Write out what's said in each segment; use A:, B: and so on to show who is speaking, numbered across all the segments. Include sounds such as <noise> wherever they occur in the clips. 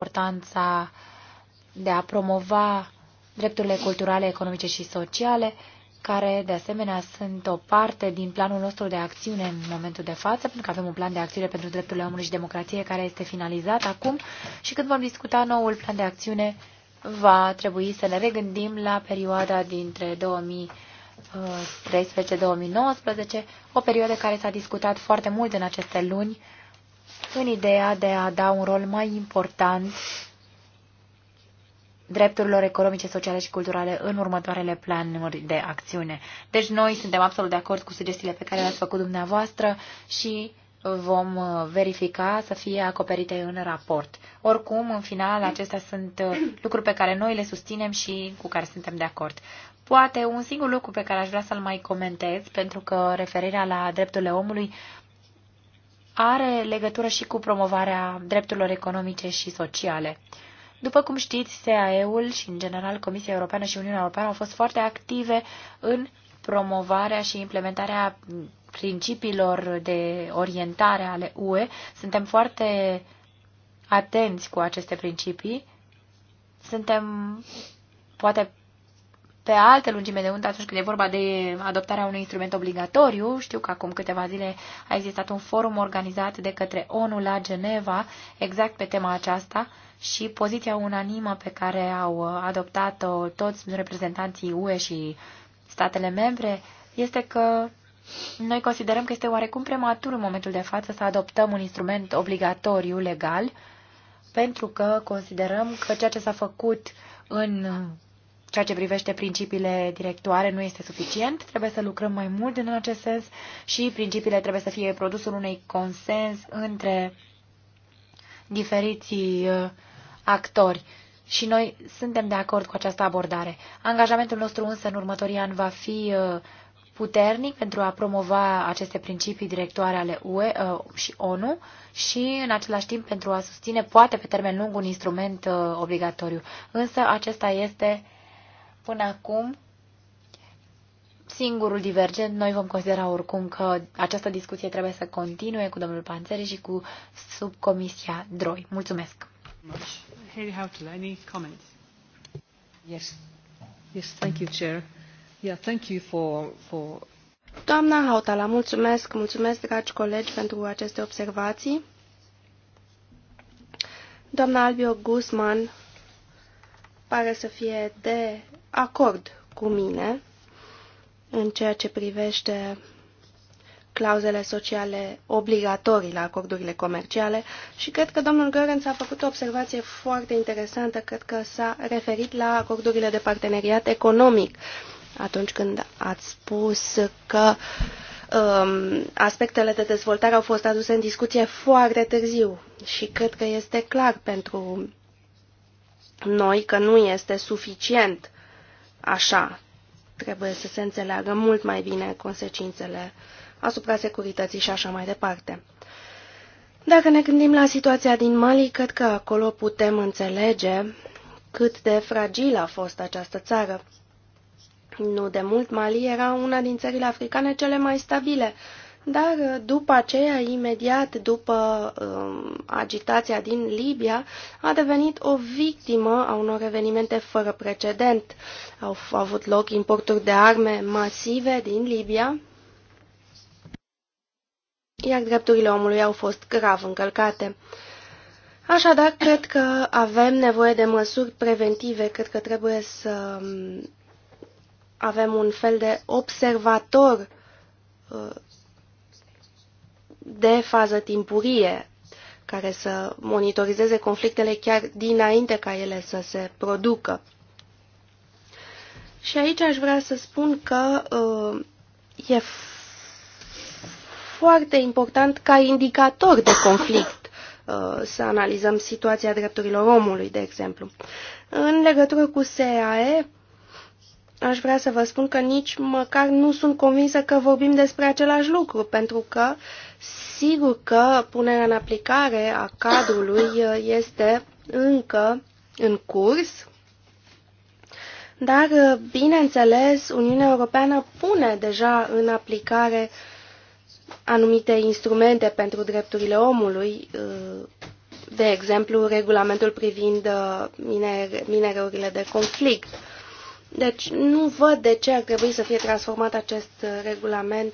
A: importanța de a promova drepturile culturale, economice și sociale, care de asemenea sunt o parte din planul nostru de acțiune în momentul de față, pentru că avem un plan de acțiune pentru drepturile omului și democrație care este finalizat acum și când vom discuta noul plan de acțiune, va trebui să ne regândim la perioada dintre 2013-2019, o perioadă care s-a discutat foarte mult în aceste luni în ideea de a da un rol mai important drepturilor economice, sociale și culturale în următoarele planuri de acțiune. Deci noi suntem absolut de acord cu sugestiile pe care le-ați făcut dumneavoastră și vom uh, verifica să fie acoperite în raport. Oricum, în final, acestea sunt uh, lucruri pe care noi le susținem și cu care suntem de acord. Poate un singur lucru pe care aș vrea să-l mai comentez, pentru că referirea la drepturile omului are legătură și cu promovarea drepturilor economice și sociale. După cum știți, SAE-ul și, în general, Comisia Europeană și Uniunea Europeană au fost foarte active în promovarea și implementarea principiilor de orientare ale UE. Suntem foarte atenți cu aceste principii. Suntem poate pe altă lungime de undă atunci când e vorba de adoptarea unui instrument obligatoriu. Știu că acum câteva zile a existat un forum organizat de către ONU la Geneva exact pe tema aceasta și poziția unanimă pe care au adoptat-o toți reprezentanții UE și statele membre este că noi considerăm că este oarecum prematur în momentul de față să adoptăm un instrument obligatoriu legal, pentru că considerăm că ceea ce s-a făcut în ceea ce privește principiile directoare nu este suficient, trebuie să lucrăm mai mult în acest sens și principiile trebuie să fie produsul unei consens între diferiții uh, actori. Și noi suntem de acord cu această abordare. Angajamentul nostru însă în următorii ani va fi uh, puternic pentru a promova aceste principii directoare ale UE uh, și ONU și în același timp pentru a susține poate pe termen lung un instrument obligatoriu. Însă acesta este Până acum, singurul divergent, noi vom considera oricum că această discuție trebuie să continue cu domnul Panțeri și cu subcomisia DROI. Mulțumesc!
B: Doamna Hautala, mulțumesc, mulțumesc, dragi colegi, pentru aceste observații. Doamna Albio Guzman pare să fie de acord cu mine în ceea ce privește clauzele sociale obligatorii la acordurile comerciale și cred că domnul Gărânț a făcut o observație foarte interesantă, cred că s-a referit la acordurile de parteneriat economic atunci când ați spus că um, aspectele de dezvoltare au fost aduse în discuție foarte târziu și cred că este clar pentru noi că nu este suficient așa. Trebuie să se înțeleagă mult mai bine consecințele asupra securității și așa mai departe. Dacă ne gândim la situația din Mali, cred că acolo putem înțelege cât de fragilă a fost această țară. Nu de mult, Mali era una din țările africane cele mai stabile, dar uh, după aceea, imediat după um, agitația din Libia, a devenit o victimă a unor evenimente fără precedent. Au, au avut loc importuri de arme masive din Libia, iar drepturile omului au fost grav încălcate. Așadar, cred că avem nevoie de măsuri preventive, cred că trebuie să um, avem un fel de observator uh, de fază timpurie care să monitorizeze conflictele chiar dinainte ca ele să se producă. Și aici aș vrea să spun că uh, e foarte important ca indicator de conflict uh, să analizăm situația drepturilor omului, de exemplu. În legătură cu SEAE. aș vrea să vă spun că nici măcar nu sunt convinsă că vorbim despre același lucru, pentru că uh, Sigur că punerea în aplicare a cadrului uh, este încă în curs, dar, uh, bineînțeles, Uniunea Europeană pune deja în aplicare anumite instrumente pentru drepturile omului, uh, de exemplu, regulamentul privind minereurile de conflict. Deci nu văd de ce ar trebui să fie transformat acest regulament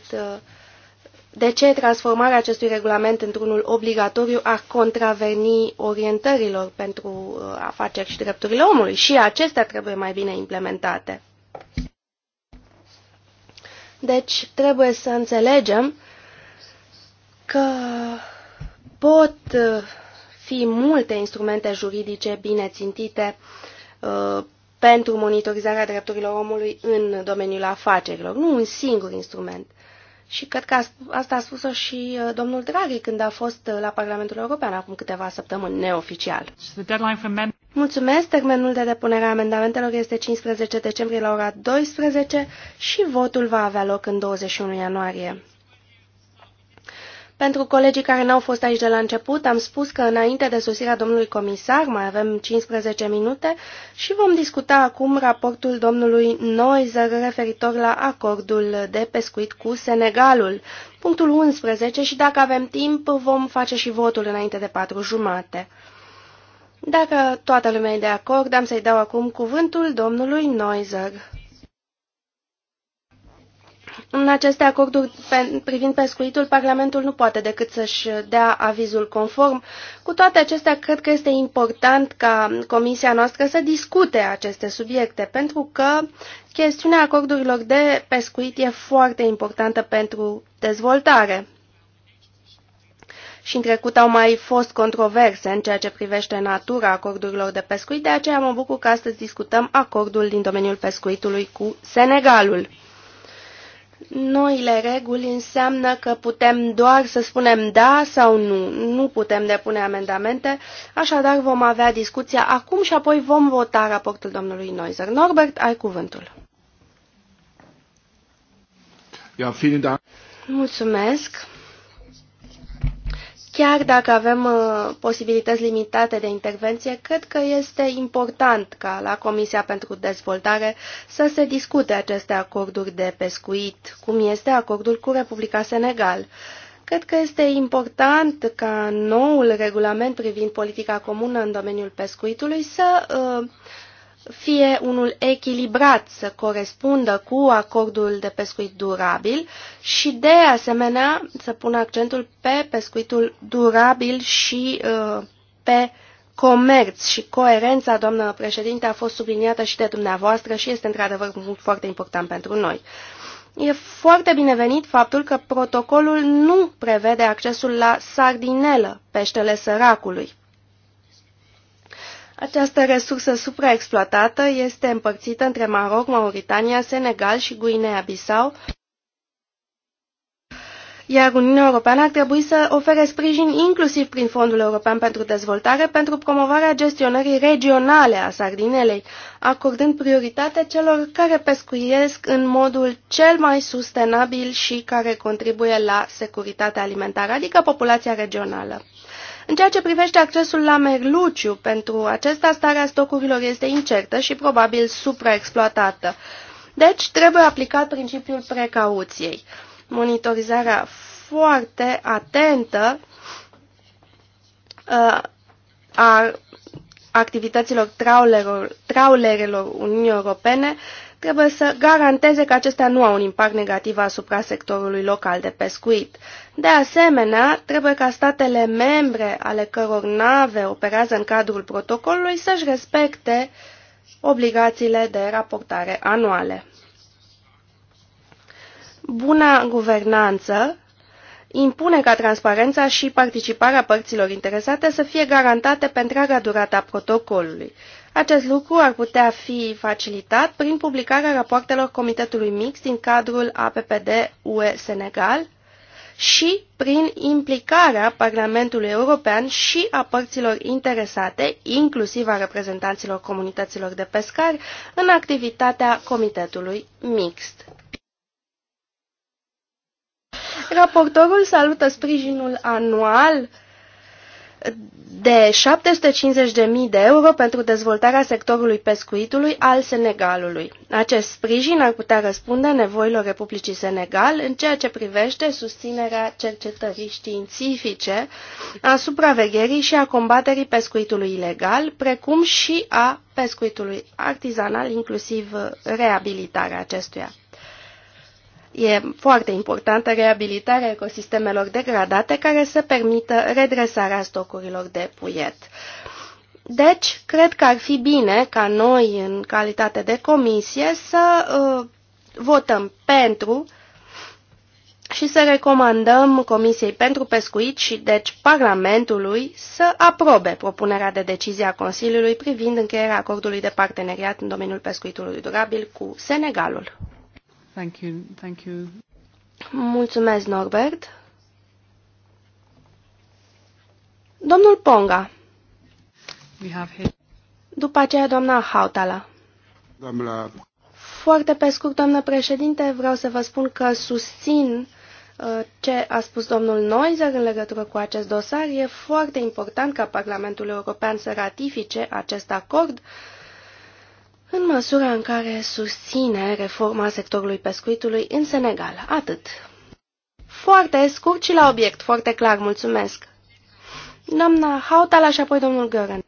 B: de ce transformarea acestui regulament într-unul obligatoriu ar contraveni orientărilor pentru uh, afaceri și drepturile omului? Și acestea trebuie mai bine implementate. Deci trebuie să înțelegem că pot uh, fi multe instrumente juridice bine țintite uh, pentru monitorizarea drepturilor omului în domeniul afacerilor, nu un singur instrument. Și cred că asta a spus-o și uh, domnul Draghi când a fost uh, la Parlamentul European acum câteva săptămâni, neoficial. Mulțumesc, termenul de depunere a amendamentelor este 15 decembrie la ora 12 și votul va avea loc în 21 ianuarie. Pentru colegii care n-au fost aici de la început, am spus că înainte de sosirea domnului comisar mai avem 15 minute și vom discuta acum raportul domnului Noizer referitor la acordul de pescuit cu Senegalul, punctul 11 și dacă avem timp vom face și votul înainte de patru jumate. Dacă toată lumea e de acord, am să-i dau acum cuvântul domnului Noizer. În aceste acorduri privind pescuitul, Parlamentul nu poate decât să-și dea avizul conform. Cu toate acestea, cred că este important ca comisia noastră să discute aceste subiecte, pentru că chestiunea acordurilor de pescuit e foarte importantă pentru dezvoltare. Și în trecut au mai fost controverse în ceea ce privește natura acordurilor de pescuit, de aceea mă bucur că astăzi discutăm acordul din domeniul pescuitului cu Senegalul. Noile reguli înseamnă că putem doar să spunem da sau nu. Nu putem depune amendamente, așadar vom avea discuția acum și apoi vom vota raportul domnului Noizer. Norbert, ai cuvântul. Ja, Mulțumesc. Chiar dacă avem uh, posibilități limitate de intervenție, cred că este important ca la Comisia pentru Dezvoltare să se discute aceste acorduri de pescuit, cum este acordul cu Republica Senegal. Cred că este important ca noul regulament privind politica comună în domeniul pescuitului să uh, fie unul echilibrat să corespundă cu acordul de pescuit durabil și, de asemenea, să pună accentul pe pescuitul durabil și uh, pe comerț și coerența, doamnă președinte, a fost subliniată și de dumneavoastră și este într-adevăr un punct foarte important pentru noi. E foarte binevenit faptul că protocolul nu prevede accesul la sardinelă, peștele săracului. Această resursă supraexploatată este împărțită între Maroc, Mauritania, Senegal și Guinea-Bissau, iar Uniunea Europeană ar trebui să ofere sprijin inclusiv prin Fondul European pentru Dezvoltare pentru promovarea gestionării regionale a sardinelei, acordând prioritate celor care pescuiesc în modul cel mai sustenabil și care contribuie la securitatea alimentară, adică populația regională. În ceea ce privește accesul la merluciu, pentru acesta starea stocurilor este incertă și probabil supraexploatată. Deci trebuie aplicat principiul precauției. Monitorizarea foarte atentă uh, a activităților traulerelor, traulerelor Uniunii Europene trebuie să garanteze că acestea nu au un impact negativ asupra sectorului local de pescuit. De asemenea, trebuie ca statele membre ale căror nave operează în cadrul protocolului să-și respecte obligațiile de raportare anuale. Buna guvernanță impune ca transparența și participarea părților interesate să fie garantate pe întreaga durată a protocolului. Acest lucru ar putea fi facilitat prin publicarea rapoartelor Comitetului Mix din cadrul APPD UE Senegal, și prin implicarea Parlamentului European și a părților interesate, inclusiv a reprezentanților comunităților de pescari, în activitatea Comitetului Mixt. Raportorul salută sprijinul anual de 750.000 de euro pentru dezvoltarea sectorului pescuitului al Senegalului. Acest sprijin ar putea răspunde nevoilor Republicii Senegal în ceea ce privește susținerea cercetării științifice, a supravegherii și a combaterii pescuitului ilegal, precum și a pescuitului artizanal, inclusiv reabilitarea acestuia. E foarte importantă reabilitarea ecosistemelor degradate care să permită redresarea stocurilor de puiet. Deci, cred că ar fi bine ca noi, în calitate de comisie, să uh, votăm pentru și să recomandăm Comisiei pentru Pescuit și deci Parlamentului să aprobe propunerea de decizie a Consiliului privind încheierea acordului de parteneriat în domeniul pescuitului durabil cu Senegalul.
C: Thank you. Thank you.
B: Mulțumesc, Norbert.
C: Domnul Ponga. We have hit.
B: După aceea, doamna Hautala. Doamna... Foarte pe scurt, doamnă președinte, vreau să vă spun că susțin uh, ce a spus domnul Noizer în legătură cu acest dosar. E foarte important ca Parlamentul European să ratifice acest acord în măsura în care susține reforma sectorului pescuitului în Senegal. Atât. Foarte scurt și la obiect, foarte clar, mulțumesc. Doamna Hautala și apoi domnul Gören.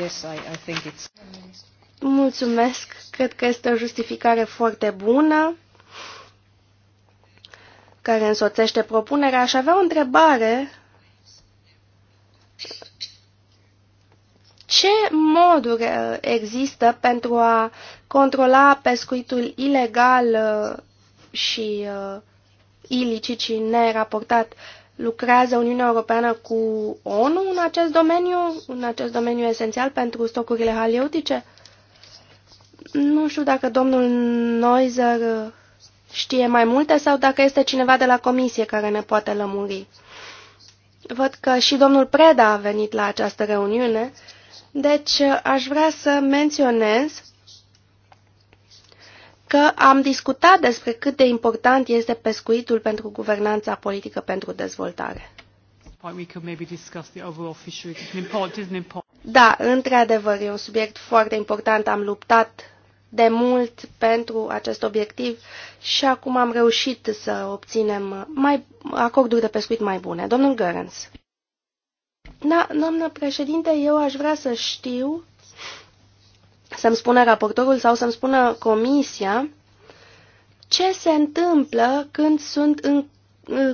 C: Yes, I, I think it's...
B: Mulțumesc, cred că este o justificare foarte bună care însoțește propunerea. Aș avea o întrebare ce moduri uh, există pentru a controla pescuitul ilegal uh, și uh, ilicit și neraportat? Lucrează Uniunea Europeană cu ONU în acest domeniu, în acest domeniu esențial pentru stocurile halieutice? Nu știu dacă domnul Noizer știe mai multe sau dacă este cineva de la comisie care ne poate lămuri. Văd că și domnul Preda a venit la această reuniune deci aș vrea să menționez că am discutat despre cât de important este pescuitul pentru guvernanța politică pentru dezvoltare. Da, într-adevăr, e un subiect foarte important. Am luptat de mult pentru acest obiectiv și acum am reușit să obținem mai, acorduri de pescuit mai bune. Domnul Gărens. Da, doamnă președinte, eu aș vrea să știu, să-mi spună raportorul sau să-mi spună comisia, ce se întâmplă când sunt în,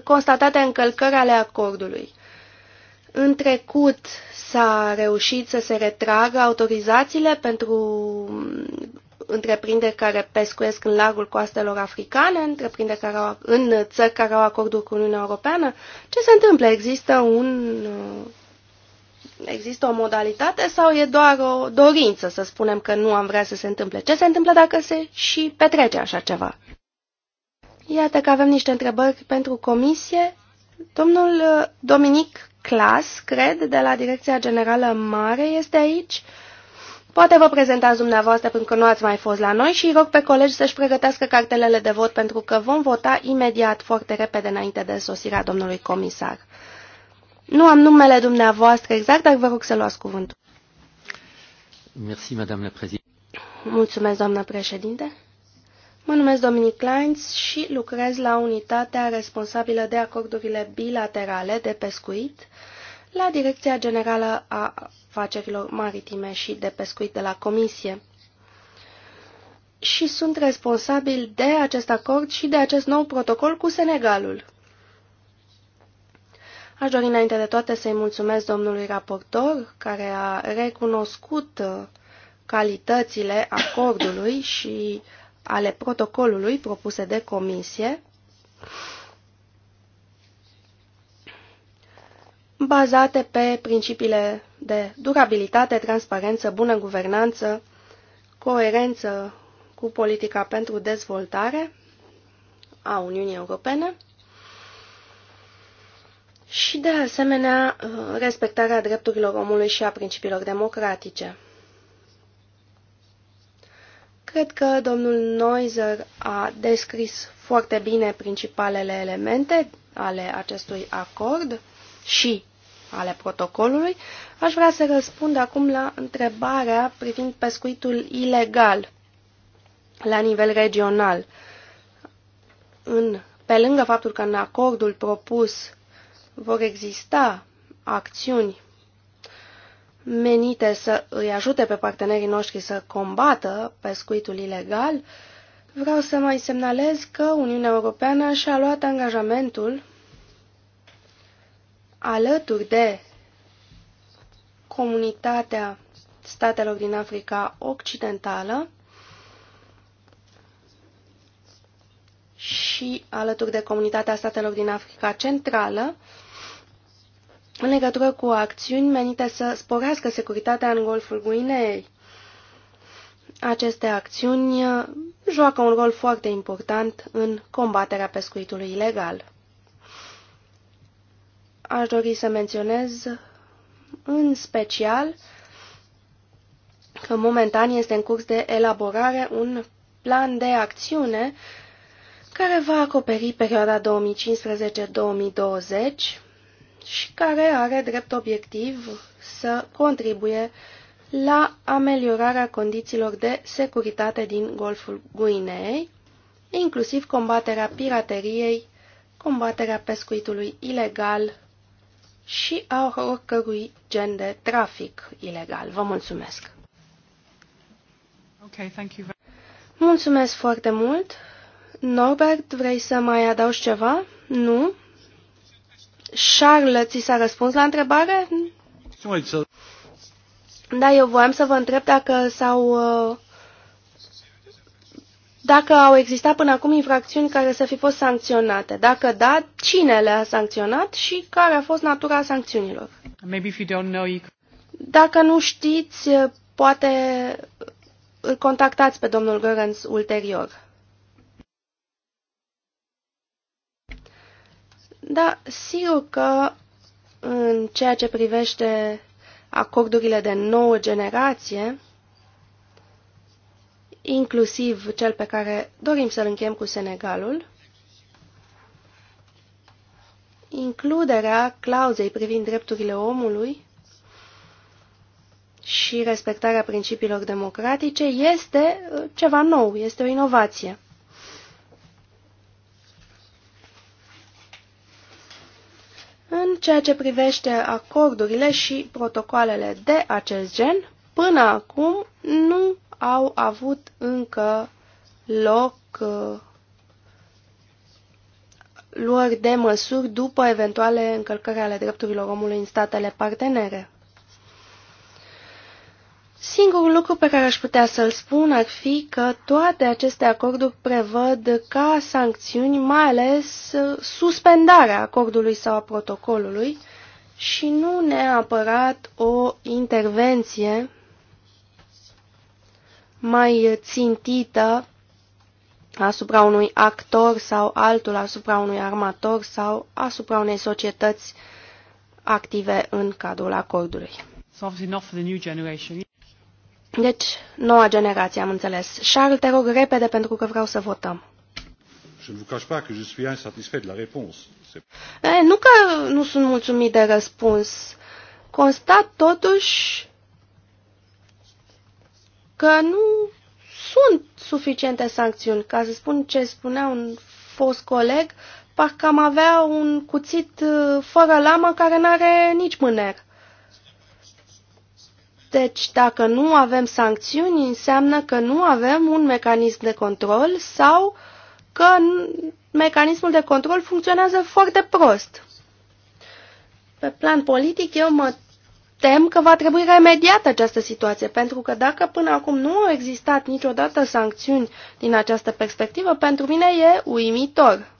B: constatate încălcări ale acordului. În trecut s-a reușit să se retragă autorizațiile pentru întreprinderi care pescuiesc în largul coastelor africane, întreprinderi care au, în țări care au acorduri cu Uniunea Europeană. Ce se întâmplă? Există un există o modalitate sau e doar o dorință să spunem că nu am vrea să se întâmple? Ce se întâmplă dacă se și petrece așa ceva? Iată că avem niște întrebări pentru comisie. Domnul uh, Dominic Clas, cred, de la Direcția Generală Mare este aici. Poate vă prezentați dumneavoastră pentru că nu ați mai fost la noi și rog pe colegi să-și pregătească cartelele de vot pentru că vom vota imediat, foarte repede, înainte de sosirea domnului comisar. Nu am numele dumneavoastră exact, dar vă rog să luați cuvântul.
A: Merci, Madame la
B: Mulțumesc, doamna președinte. Mă numesc Dominic Kleins și lucrez la unitatea responsabilă de acordurile bilaterale de pescuit la Direcția Generală a Afacerilor Maritime și de Pescuit de la Comisie. Și sunt responsabil de acest acord și de acest nou protocol cu Senegalul. Aș dori înainte de toate să-i mulțumesc domnului raportor, care a recunoscut uh, calitățile acordului și ale protocolului propuse de comisie, bazate pe principiile de durabilitate, transparență, bună guvernanță, coerență cu politica pentru dezvoltare a Uniunii Europene și, de asemenea, respectarea drepturilor omului și a principiilor democratice. Cred că domnul Noizer a descris foarte bine principalele elemente ale acestui acord și ale protocolului. Aș vrea să răspund acum la întrebarea privind pescuitul ilegal la nivel regional. În, pe lângă faptul că în acordul propus vor exista acțiuni menite să îi ajute pe partenerii noștri să combată pescuitul ilegal, vreau să mai semnalez că Uniunea Europeană și-a luat angajamentul alături de comunitatea statelor din Africa Occidentală și alături de comunitatea statelor din Africa Centrală în legătură cu acțiuni menite să sporească securitatea în Golful Guinei, Aceste acțiuni uh, joacă un rol foarte important în combaterea pescuitului ilegal. Aș dori să menționez în special că momentan este în curs de elaborare un plan de acțiune care va acoperi perioada 2015-2020 și care are drept obiectiv să contribuie la ameliorarea condițiilor de securitate din Golful Guinei, inclusiv combaterea pirateriei, combaterea pescuitului ilegal și a oricărui gen de trafic ilegal. Vă
C: mulțumesc! Okay, thank you
B: Mulțumesc foarte mult! Norbert, vrei să mai adaugi ceva? Nu? Charles, ți s-a răspuns la întrebare? Da, eu voiam să vă întreb dacă s-au... Uh, dacă au existat până acum infracțiuni care să fi fost sancționate. Dacă da, cine le-a sancționat și care a fost natura sancțiunilor?
C: Maybe if you don't know, you...
B: Dacă nu știți, poate îl contactați pe domnul Görens ulterior. Da, sigur că în ceea ce privește acordurile de nouă generație, inclusiv cel pe care dorim să-l încheiem cu Senegalul, includerea clauzei privind drepturile omului și respectarea principiilor democratice este uh, ceva nou, este o inovație. În ceea ce privește acordurile și protocoalele de acest gen, până acum nu au avut încă loc uh, luări de măsuri după eventuale încălcări ale drepturilor omului în statele partenere. Singurul lucru pe care aș putea să-l spun ar fi că toate aceste acorduri prevăd ca sancțiuni mai ales suspendarea acordului sau a protocolului și nu neapărat o intervenție mai țintită asupra unui actor sau altul, asupra unui armator sau asupra unei societăți active în cadrul acordului. Deci, noua generație, am înțeles. Charles, te rog repede pentru că vreau să votăm.
C: Je ne vous cache pas que je suis insatisfait de la réponse.
B: Eh, nu că nu sunt mulțumit de răspuns. Constat totuși că nu sunt suficiente sancțiuni. Ca să spun ce spunea un fost coleg, parcă am avea un cuțit uh, fără lamă care n-are nici mâner. Deci, dacă nu avem sancțiuni, înseamnă că nu avem un mecanism de control sau că mecanismul de control funcționează foarte prost. Pe plan politic, eu mă tem că va trebui remediată această situație, pentru că dacă până acum nu au existat niciodată sancțiuni din această perspectivă, pentru mine e uimitor.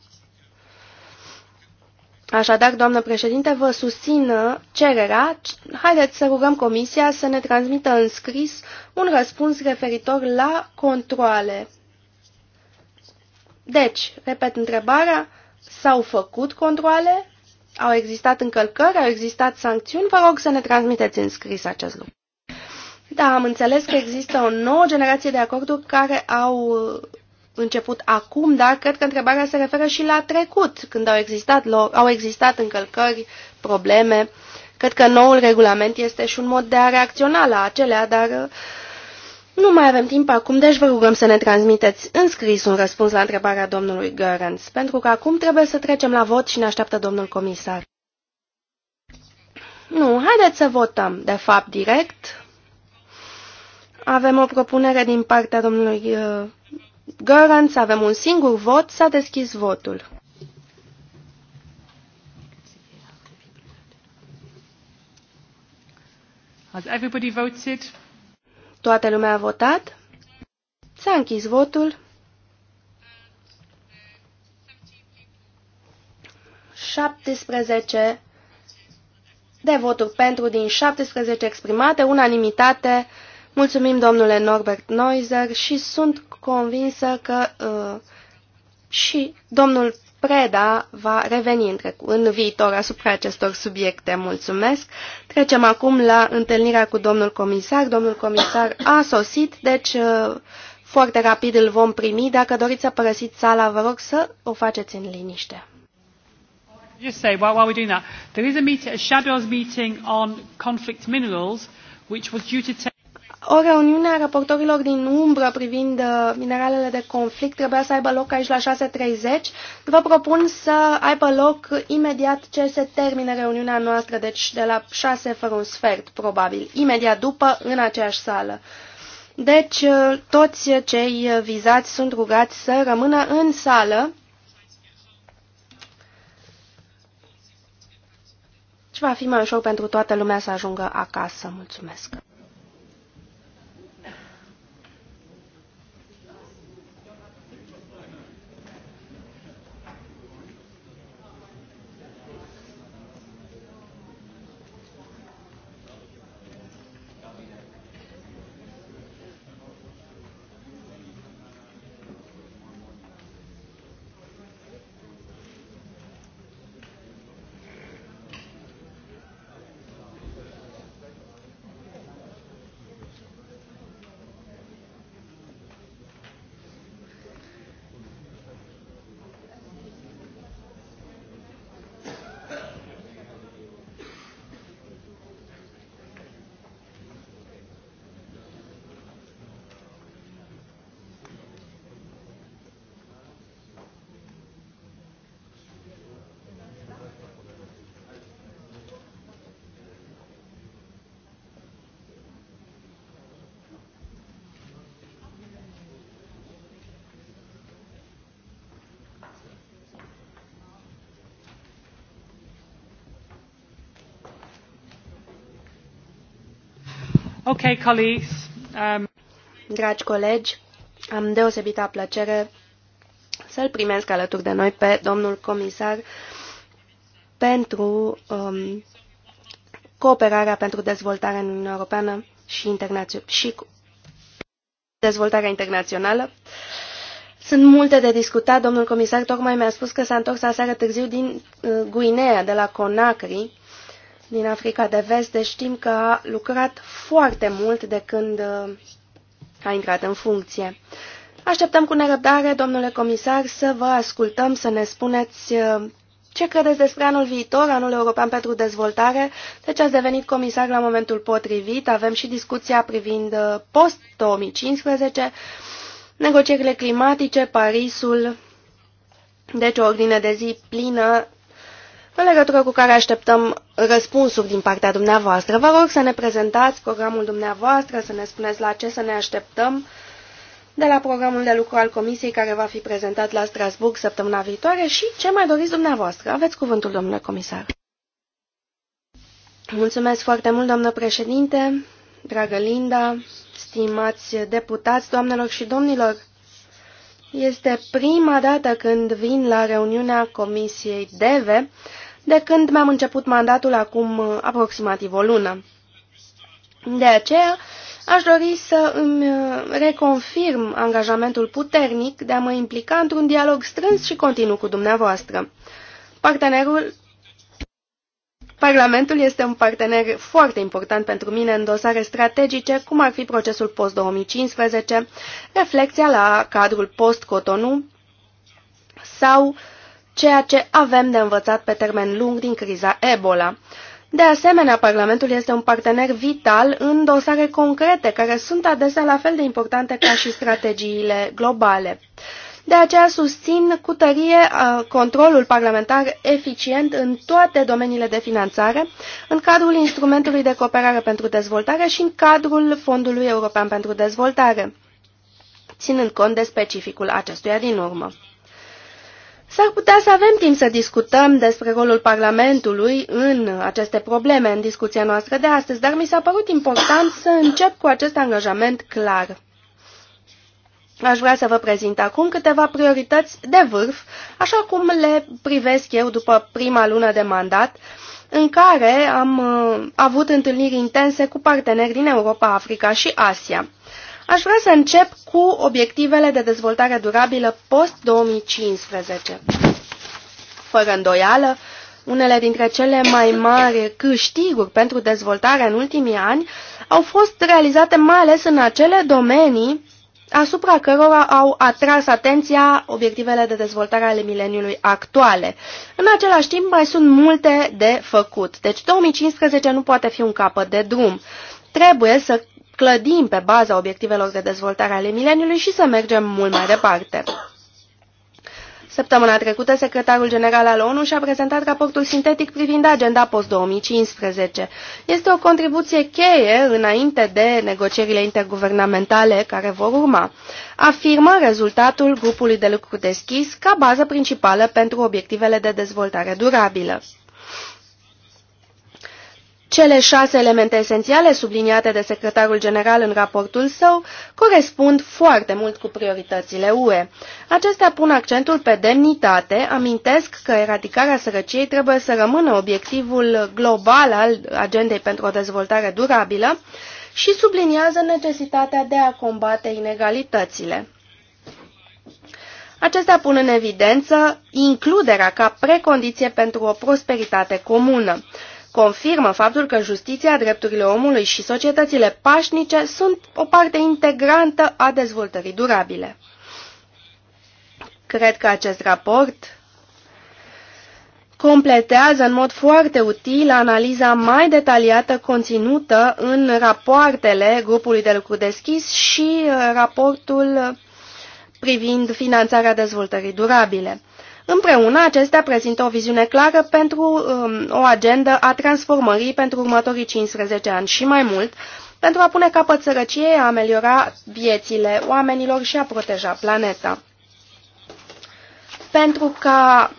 B: Așadar, doamnă președinte, vă susțin cererea. Haideți să rugăm Comisia să ne transmită în scris un răspuns referitor la controle. Deci, repet întrebarea, s-au făcut controle? Au existat încălcări? Au existat sancțiuni? Vă rog să ne transmiteți în scris acest lucru. Da, am înțeles că există o nouă generație de acorduri care au început acum, dar cred că întrebarea se referă și la trecut, când au existat, au existat încălcări, probleme. Cred că noul regulament este și un mod de a reacționa la acelea, dar uh, nu mai avem timp acum, deci vă rugăm să ne transmiteți în scris un răspuns la întrebarea domnului Görens, pentru că acum trebuie să trecem la vot și ne așteaptă domnul comisar. Nu, haideți să votăm, de fapt, direct. Avem o propunere din partea domnului uh, să avem un singur vot, s-a deschis votul.
C: Has everybody voted?
B: Toată lumea a votat? S-a închis votul. 17 de voturi pentru din 17 exprimate, unanimitate Mulțumim, domnule Norbert Neuser, și sunt convinsă că uh, și domnul Preda va reveni în, în viitor asupra acestor subiecte. Mulțumesc! Trecem acum la întâlnirea cu domnul comisar. Domnul comisar a sosit, deci uh, foarte rapid îl vom primi. Dacă doriți să părăsiți sala, vă rog să o faceți în liniște.
A: Just say while, while we're doing that, there is a, a shadows meeting on conflict minerals, which was due to take
B: o reuniune a raportorilor din umbră privind uh, mineralele de conflict trebuia să aibă loc aici la 6.30. Vă propun să aibă loc imediat ce se termine reuniunea noastră, deci de la 6 fără un sfert, probabil, imediat după, în aceeași sală. Deci, uh, toți cei vizați sunt rugați să rămână în sală și va fi mai ușor pentru toată lumea să ajungă acasă. Mulțumesc! Okay, colleagues. Um... Dragi colegi, am deosebită plăcere să-l primesc alături de noi pe domnul comisar pentru um, cooperarea pentru dezvoltare în Uniunea Europeană și, și dezvoltarea internațională. Sunt multe de discutat. Domnul comisar tocmai mi-a spus că s-a întors aseară târziu din uh, Guinea, de la Conakry, din Africa de Vest, deci știm că a lucrat foarte mult de când uh, a intrat în funcție. Așteptăm cu nerăbdare, domnule comisar, să vă ascultăm, să ne spuneți uh, ce credeți despre anul viitor, anul european pentru dezvoltare. de deci ce ați devenit comisar la momentul potrivit, avem și discuția privind uh, post-2015, negocierile climatice, Parisul, deci o ordine de zi plină în legătură cu care așteptăm răspunsuri din partea dumneavoastră. Vă rog să ne prezentați programul dumneavoastră, să ne spuneți la ce să ne așteptăm de la programul de lucru al Comisiei care va fi prezentat la Strasburg săptămâna viitoare și ce mai doriți dumneavoastră. Aveți cuvântul, domnule comisar. Mulțumesc foarte mult, doamnă președinte, dragă Linda, stimați deputați, doamnelor și domnilor. Este prima dată când vin la reuniunea Comisiei DEVE de când mi-am început mandatul acum uh, aproximativ o lună. De aceea, aș dori să îmi uh, reconfirm angajamentul puternic de a mă implica într-un dialog strâns și continuu cu dumneavoastră. Partenerul Parlamentul este un partener foarte important pentru mine în dosare strategice, cum ar fi procesul post-2015, reflexia la cadrul post-Cotonou sau ceea ce avem de învățat pe termen lung din criza Ebola. De asemenea, Parlamentul este un partener vital în dosare concrete, care sunt adesea la fel de importante ca și strategiile globale. De aceea susțin cu tărie uh, controlul parlamentar eficient în toate domeniile de finanțare, în cadrul instrumentului de cooperare pentru dezvoltare și în cadrul Fondului European pentru Dezvoltare, ținând cont de specificul acestuia din urmă. S-ar putea să avem timp să discutăm despre rolul Parlamentului în aceste probleme în discuția noastră de astăzi, dar mi s-a părut important să încep cu acest angajament clar. Aș vrea să vă prezint acum câteva priorități de vârf, așa cum le privesc eu după prima lună de mandat, în care am uh, avut întâlniri intense cu parteneri din Europa, Africa și Asia. Aș vrea să încep cu obiectivele de dezvoltare durabilă post-2015. Fără îndoială, unele dintre cele mai mari câștiguri pentru dezvoltare în ultimii ani au fost realizate mai ales în acele domenii asupra cărora au atras atenția obiectivele de dezvoltare ale mileniului actuale. În același timp, mai sunt multe de făcut. Deci 2015 nu poate fi un capăt de drum. Trebuie să clădim pe baza obiectivelor de dezvoltare ale mileniului și să mergem mult mai departe. Săptămâna trecută, secretarul general al ONU și-a prezentat raportul sintetic privind agenda post-2015. Este o contribuție cheie înainte de negocierile interguvernamentale care vor urma. Afirmă rezultatul grupului de lucru deschis ca bază principală pentru obiectivele de dezvoltare durabilă. Cele șase elemente esențiale subliniate de secretarul general în raportul său corespund foarte mult cu prioritățile UE. Acestea pun accentul pe demnitate, amintesc că eradicarea sărăciei trebuie să rămână obiectivul global al Agendei pentru o dezvoltare durabilă și subliniază necesitatea de a combate inegalitățile. Acestea pun în evidență includerea ca precondiție pentru o prosperitate comună confirmă faptul că justiția, drepturile omului și societățile pașnice sunt o parte integrantă a dezvoltării durabile. Cred că acest raport completează în mod foarte util analiza mai detaliată conținută în rapoartele grupului de lucru deschis și uh, raportul privind finanțarea dezvoltării durabile. Împreună, acestea prezintă o viziune clară pentru um, o agendă a transformării pentru următorii 15 ani și mai mult, pentru a pune capăt sărăciei, a ameliora viețile oamenilor și a proteja planeta. Pentru ca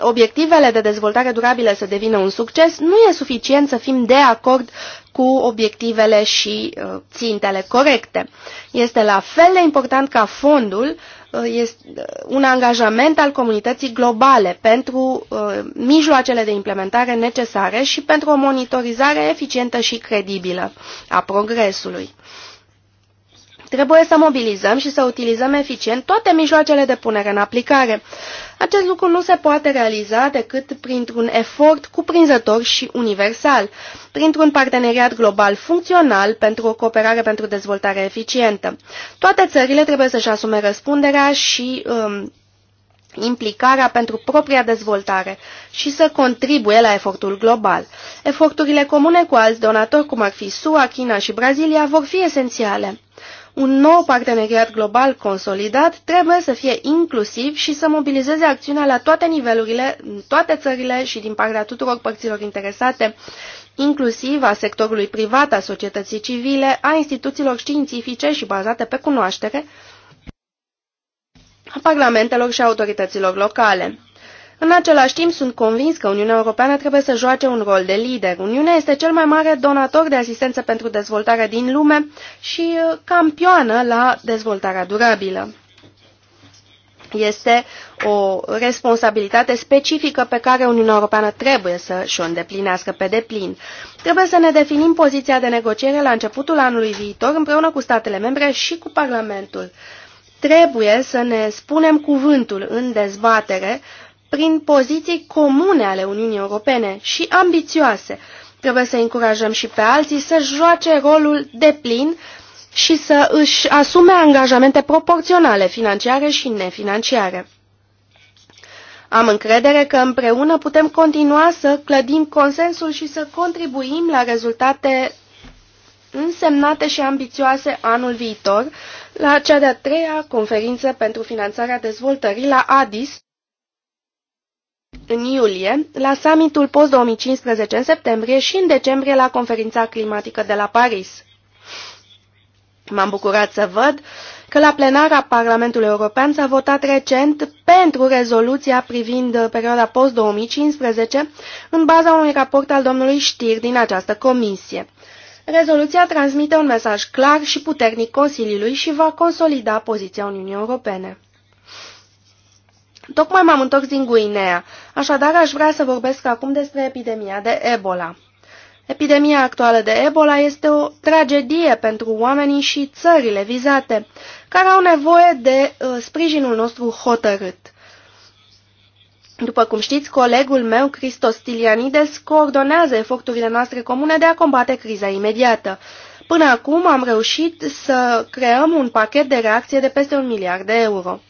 B: obiectivele de dezvoltare durabilă să devină un succes, nu e suficient să fim de acord cu obiectivele și uh, țintele corecte. Este la fel de important ca fondul Uh, este uh, un angajament al comunității globale pentru uh, mijloacele de implementare necesare și pentru o monitorizare eficientă și credibilă a progresului. Trebuie să mobilizăm și să utilizăm eficient toate mijloacele de punere în aplicare. Acest lucru nu se poate realiza decât printr-un efort cuprinzător și universal, printr-un parteneriat global funcțional pentru o cooperare pentru dezvoltare eficientă. Toate țările trebuie să-și asume răspunderea și um, implicarea pentru propria dezvoltare și să contribuie la efortul global. Eforturile comune cu alți donatori, cum ar fi SUA, China și Brazilia, vor fi esențiale. Un nou parteneriat global consolidat trebuie să fie inclusiv și să mobilizeze acțiunea la toate nivelurile, în toate țările și din partea tuturor părților interesate, inclusiv a sectorului privat, a societății civile, a instituțiilor științifice și bazate pe cunoaștere, a parlamentelor și autorităților locale. În același timp, sunt convins că Uniunea Europeană trebuie să joace un rol de lider. Uniunea este cel mai mare donator de asistență pentru dezvoltare din lume și uh, campioană la dezvoltarea durabilă. Este o responsabilitate specifică pe care Uniunea Europeană trebuie să și-o îndeplinească pe deplin. Trebuie să ne definim poziția de negociere la începutul anului viitor împreună cu statele membre și cu Parlamentul. Trebuie să ne spunem cuvântul în dezbatere prin poziții comune ale Uniunii Europene și ambițioase. Trebuie să încurajăm și pe alții să joace rolul de plin și să își asume angajamente proporționale, financiare și nefinanciare. Am încredere că împreună putem continua să clădim consensul și să contribuim la rezultate însemnate și ambițioase anul viitor, la cea de-a treia conferință pentru finanțarea dezvoltării la Addis, în iulie, la summitul post-2015 în septembrie și în decembrie la conferința climatică de la Paris. M-am bucurat să văd că la plenara Parlamentului European s-a votat recent pentru rezoluția privind perioada post-2015 în baza unui raport al domnului Știr din această comisie. Rezoluția transmite un mesaj clar și puternic Consiliului și va consolida poziția Uniunii Europene. Tocmai m-am întors din Guinea, așadar aș vrea să vorbesc acum despre epidemia de Ebola. Epidemia actuală de Ebola este o tragedie pentru oamenii și țările vizate, care au nevoie de uh, sprijinul nostru hotărât. După cum știți, colegul meu, Christos Tilianides, coordonează eforturile noastre comune de a combate criza imediată. Până acum am reușit să creăm un pachet de reacție de peste un miliard de euro.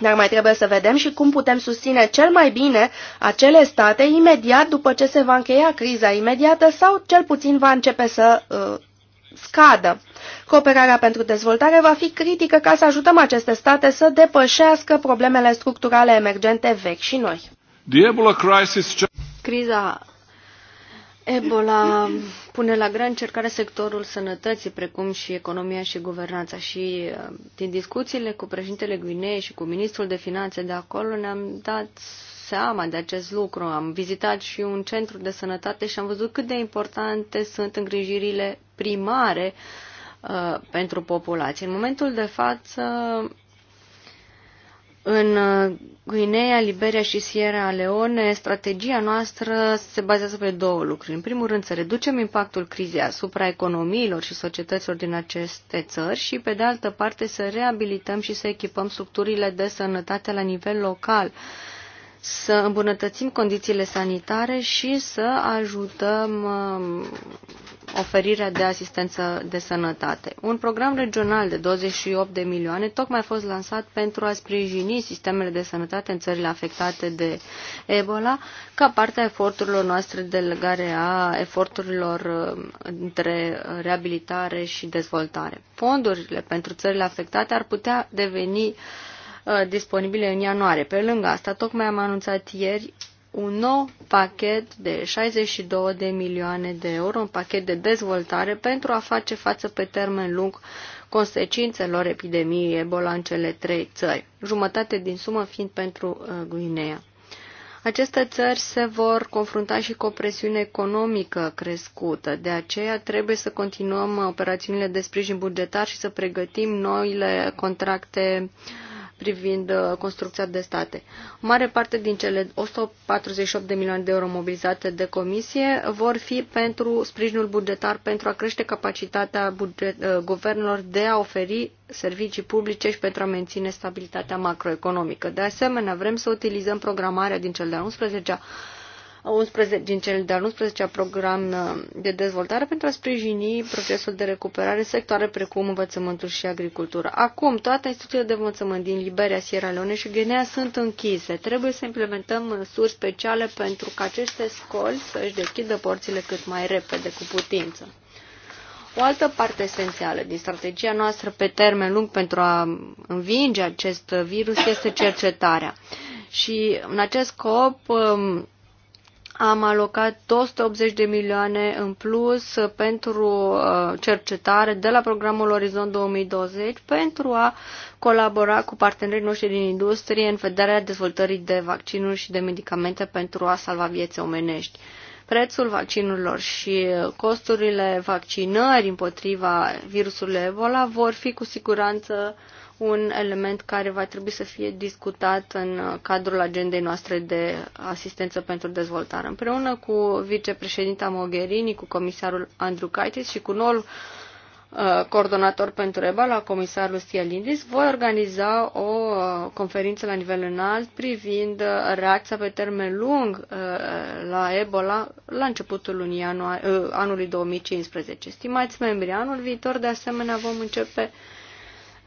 B: Dar mai trebuie să vedem și cum putem susține cel mai bine acele state imediat după ce se va încheia criza imediată sau cel puțin va începe să uh, scadă. Cooperarea pentru dezvoltare va fi critică ca să ajutăm aceste state să depășească problemele structurale emergente vechi și noi.
C: Criza Ebola pune la grea încercare sectorul sănătății, precum și economia și guvernanța. Și uh, din discuțiile cu președintele Guinei și cu ministrul de finanțe de acolo ne-am dat seama de acest lucru. Am vizitat și un centru de sănătate și am văzut cât de importante sunt îngrijirile primare uh, pentru populație. În momentul de față, în uh, Guinea, Liberia și Sierra Leone, strategia noastră se bazează pe două lucruri. În primul rând, să reducem impactul crizei asupra economiilor și societăților din aceste țări și, pe de altă parte, să reabilităm și să echipăm structurile de sănătate la nivel local, să îmbunătățim condițiile sanitare și să ajutăm um, oferirea de asistență de sănătate. Un program regional de 28 de milioane tocmai a fost lansat pentru a sprijini sistemele de sănătate în țările afectate de Ebola ca parte a eforturilor noastre de legare a eforturilor uh, între reabilitare și dezvoltare. Fondurile pentru țările afectate ar putea deveni uh, disponibile în ianuarie. Pe lângă asta, tocmai am anunțat ieri un nou pachet de 62 de milioane de euro, un pachet de dezvoltare pentru a face față pe termen lung consecințelor epidemiei Ebola în cele trei țări, jumătate din sumă fiind pentru uh, Guinea. Aceste țări se vor confrunta și cu o presiune economică crescută, de aceea trebuie să continuăm operațiunile de sprijin bugetar și să pregătim noile contracte uh, privind uh, construcția de state. O mare parte din cele 148 de milioane de euro mobilizate de comisie vor fi pentru sprijinul bugetar pentru a crește capacitatea buget, uh, guvernelor de a oferi servicii publice și pentru a menține stabilitatea macroeconomică. De asemenea, vrem să utilizăm programarea din cel de-a 11-a 11, din cel de-al 11-a program uh, de dezvoltare pentru a sprijini procesul de recuperare în sectoare precum învățământul și agricultura. Acum, toate instituțiile de învățământ din Liberia, Sierra Leone și Guinea sunt închise. Trebuie să implementăm măsuri speciale pentru ca aceste școli să își deschidă porțile cât mai repede, cu putință. O altă parte esențială din strategia noastră pe termen lung pentru a învinge acest virus este cercetarea. Și în acest scop, um, am alocat 280 de milioane în plus pentru uh, cercetare de la programul Orizont 2020 pentru a colabora cu partenerii noștri din industrie în vederea dezvoltării de vaccinuri și de medicamente pentru a salva vieți omenești. Prețul vaccinurilor și uh, costurile vaccinării împotriva virusului Ebola vor fi cu siguranță uh, un element care va trebui să fie discutat în cadrul agendei noastre de asistență pentru dezvoltare. Împreună cu vicepreședinta Mogherini, cu comisarul Andrew Kaitis și cu noul uh, coordonator pentru EBA la comisarul Lindis, voi organiza o uh, conferință la nivel înalt privind uh, reacția pe termen lung la Ebola la începutul lunii anului 2015. Stimați membri, anul viitor de asemenea vom începe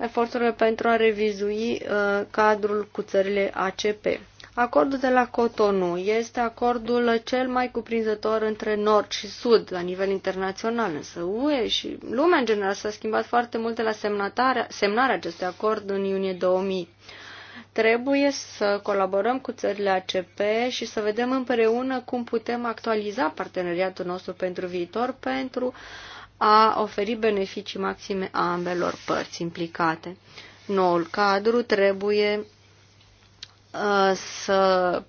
C: eforturile pentru a revizui uh, cadrul cu țările ACP. Acordul de la Cotonou este acordul cel mai cuprinzător între nord și sud la nivel internațional, însă UE și lumea în general s-a schimbat foarte mult de la semnarea acestui acord în iunie 2000. Trebuie să colaborăm cu țările ACP și să vedem împreună cum putem actualiza parteneriatul nostru pentru viitor pentru uh, a oferi beneficii maxime a ambelor părți implicate. Noul cadru trebuie uh, să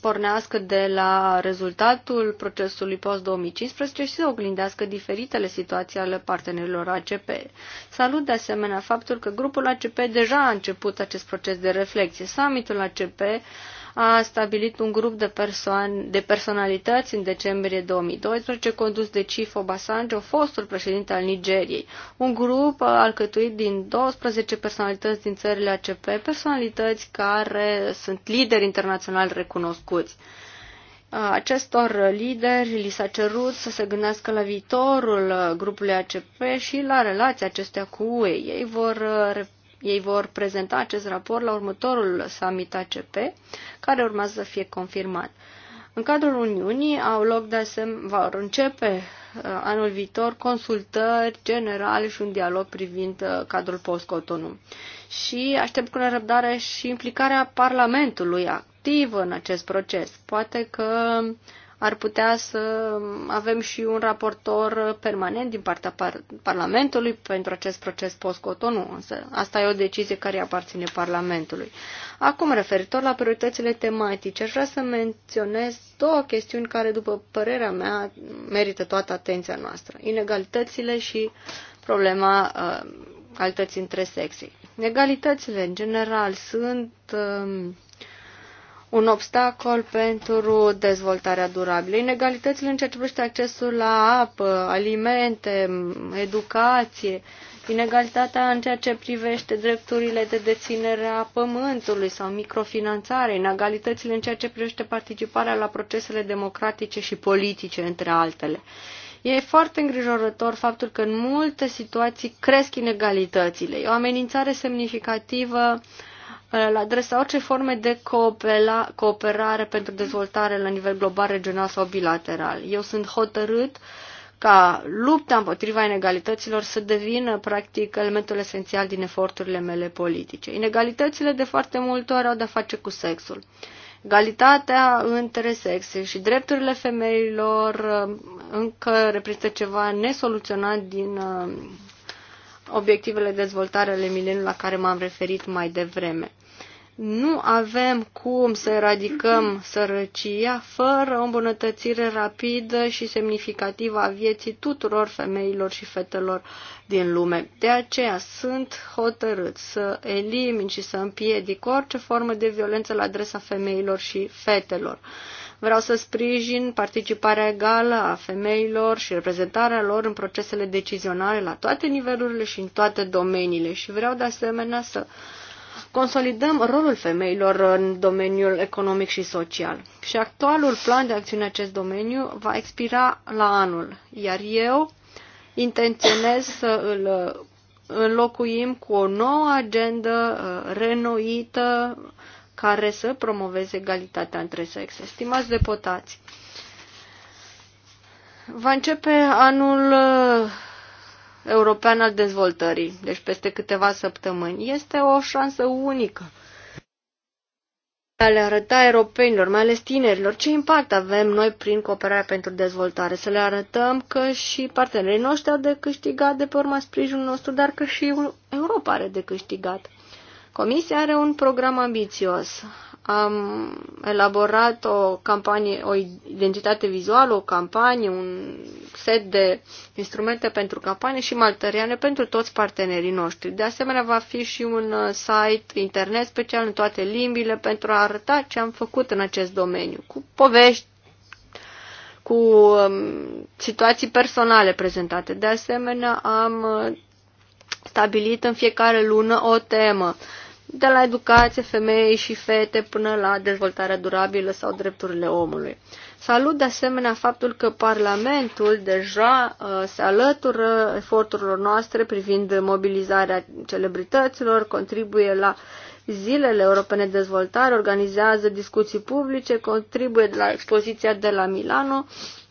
C: pornească de la rezultatul procesului post-2015 și să oglindească diferitele situații ale partenerilor ACP. Salut de asemenea faptul că grupul ACP deja a început acest proces de reflexie. Summitul ACP a stabilit un grup de, persoane, de personalități în decembrie 2012, condus de Chief Obasanjo, fostul președinte al Nigeriei. Un grup alcătuit din 12 personalități din țările ACP, personalități care sunt lideri internaționali recunoscuți. Acestor lideri li s-a cerut să se gândească la viitorul grupului ACP și la relația acestea cu UE. Ei vor ei vor prezenta acest raport la următorul summit ACP, care urmează să fie confirmat. În cadrul Uniunii au loc de asemenea, vor începe uh, anul viitor consultări generale și un dialog privind uh, cadrul post-cotonou. Și aștept cu nerăbdare și implicarea Parlamentului activ în acest proces. Poate că ar putea să avem și un raportor permanent din partea par Parlamentului pentru acest proces post-Cotonou, însă asta e o decizie care aparține Parlamentului. Acum, referitor la prioritățile tematice, aș vrea să menționez două chestiuni care, după părerea mea, merită toată atenția noastră. Inegalitățile și problema uh, calității între sexe. Egalitățile, în general, sunt uh, un obstacol pentru dezvoltarea durabilă. Inegalitățile în ceea ce privește accesul la apă, alimente, educație, inegalitatea în ceea ce privește drepturile de deținere a pământului sau microfinanțare, inegalitățile în ceea ce privește participarea la procesele democratice și politice, între altele. E foarte îngrijorător faptul că în multe situații cresc inegalitățile. E o amenințare semnificativă uh, Uh, la adresa orice forme de cooperare pentru dezvoltare la nivel global, regional sau bilateral. Eu sunt hotărât ca lupta împotriva inegalităților să devină, practic, elementul esențial din eforturile mele politice. Inegalitățile de foarte multe ori au de-a face cu sexul. Egalitatea între sexe și drepturile femeilor uh, încă reprezintă ceva nesoluționat din uh, obiectivele de dezvoltare ale mileniului la care m-am referit mai devreme. Nu avem cum să eradicăm sărăcia fără o îmbunătățire rapidă și semnificativă a vieții tuturor femeilor și fetelor din lume. De aceea sunt hotărât să elimin și să împiedic orice formă de violență la adresa femeilor și fetelor. Vreau să sprijin participarea egală a femeilor și reprezentarea lor în procesele decizionale la toate nivelurile și în toate domeniile și vreau de asemenea să consolidăm rolul femeilor în domeniul economic și social. Și actualul plan de acțiune în acest domeniu va expira la anul, iar eu intenționez să îl uh, înlocuim cu o nouă agendă uh, renoită care să promoveze egalitatea între sexe. Stimați deputați, va începe anul uh, European al Dezvoltării, deci peste câteva săptămâni. Este o șansă unică a le arăta europenilor, mai ales tinerilor, ce impact avem noi prin cooperarea pentru dezvoltare. Să le arătăm că și partenerii noștri au de câștigat de pe urma sprijinul nostru, dar că și Europa are de câștigat. Comisia are un program ambițios am elaborat o campanie, o identitate vizuală, o campanie, un set de instrumente pentru campanie și materiale pentru toți partenerii noștri. De asemenea, va fi și un uh, site internet special în toate limbile pentru a arăta ce am făcut în acest domeniu, cu povești, cu um, situații personale prezentate. De asemenea, am uh, stabilit în fiecare lună o temă. Uh, de la educație, femei și fete, până la dezvoltarea durabilă sau drepturile omului. Salut de asemenea faptul că Parlamentul deja uh, se alătură eforturilor noastre privind mobilizarea celebrităților, contribuie la zilele europene de dezvoltare, organizează discuții publice, contribuie la expoziția de la Milano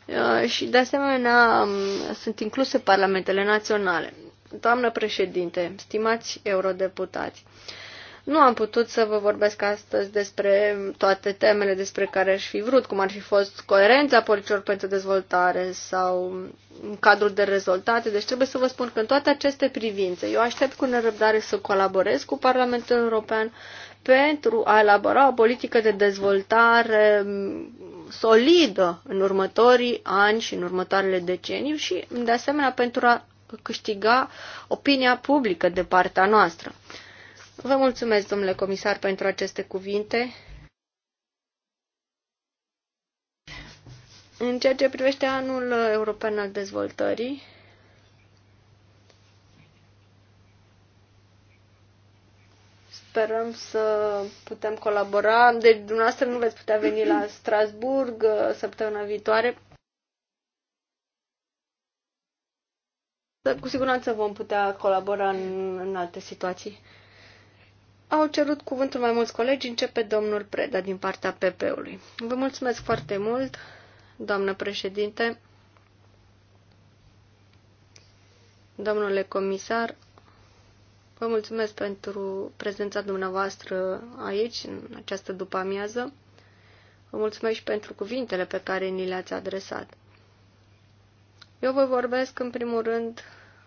C: uh, și de asemenea um, sunt incluse parlamentele naționale. Doamnă președinte, stimați eurodeputați, uh, nu am putut să vă vorbesc astăzi despre toate temele despre care aș fi vrut, cum ar fi fost coerența politicilor pentru dezvoltare sau cadrul de rezultate. Deci trebuie să vă spun că în toate aceste privințe eu aștept cu nerăbdare să colaborez cu Parlamentul European pentru a elabora o politică de dezvoltare solidă în următorii ani și în următoarele decenii și, de asemenea, pentru a câștiga opinia publică de partea noastră. Vă mulțumesc, domnule comisar, pentru aceste cuvinte. În ceea ce privește anul european al dezvoltării, sperăm să putem colabora. Deci, dumneavoastră nu veți putea veni la Strasburg uh, săptămâna viitoare. Dar cu siguranță vom putea colabora în, în alte situații. Au cerut cuvântul mai mulți colegi, începe domnul Preda din partea PP-ului. Vă mulțumesc foarte mult, doamnă președinte, domnule comisar, vă mulțumesc pentru prezența dumneavoastră aici, în această după-amiază. Vă mulțumesc și pentru cuvintele pe care ni le-ați adresat. Eu vă vorbesc, în primul rând,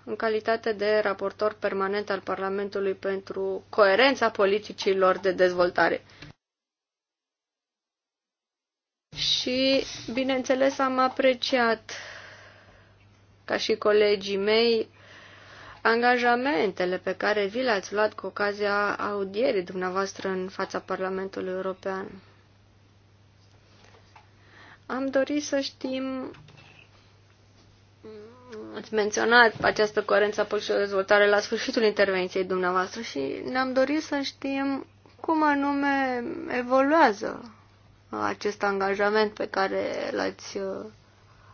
C: în calitate de raportor permanent al Parlamentului pentru coerența politicilor de dezvoltare. Și, bineînțeles, am apreciat, ca și colegii mei, angajamentele pe care vi le-ați luat cu ocazia audierii dumneavoastră în fața Parlamentului European. Am dorit să știm Ați menționat această coerență apoi și o dezvoltare la sfârșitul intervenției dumneavoastră și ne-am dorit să știm cum anume evoluează acest angajament pe care l-ați uh,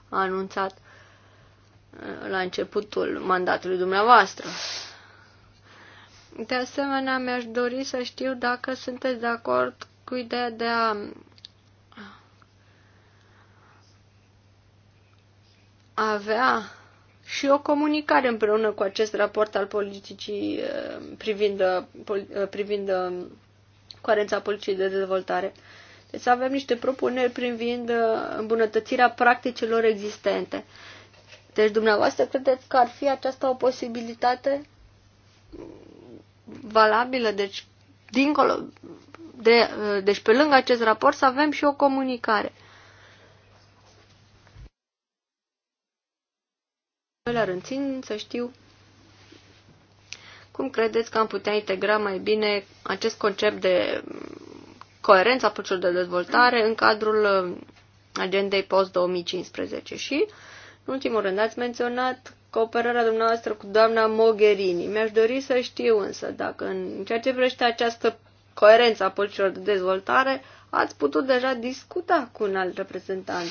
C: anunțat uh, la începutul mandatului dumneavoastră. De asemenea, mi-aș dori să știu dacă sunteți de acord cu ideea de a avea și o comunicare împreună cu acest raport al politicii eh, privind, eh, eh, privind coerența politicii de dezvoltare. Deci avem niște propuneri privind îmbunătățirea practicilor existente. Deci dumneavoastră credeți că ar fi aceasta o posibilitate valabilă? Deci, dincolo de, deci pe lângă acest raport să avem și o comunicare. la rând, țin să știu cum credeți că am putea integra mai bine acest concept de coerența procesului de dezvoltare în cadrul uh, agendei post-2015 și, în ultimul rând, ați menționat cooperarea dumneavoastră cu doamna Mogherini. Mi-aș dori să știu însă dacă în ceea ce privește această coerență a politicilor de dezvoltare ați putut deja discuta cu un alt reprezentant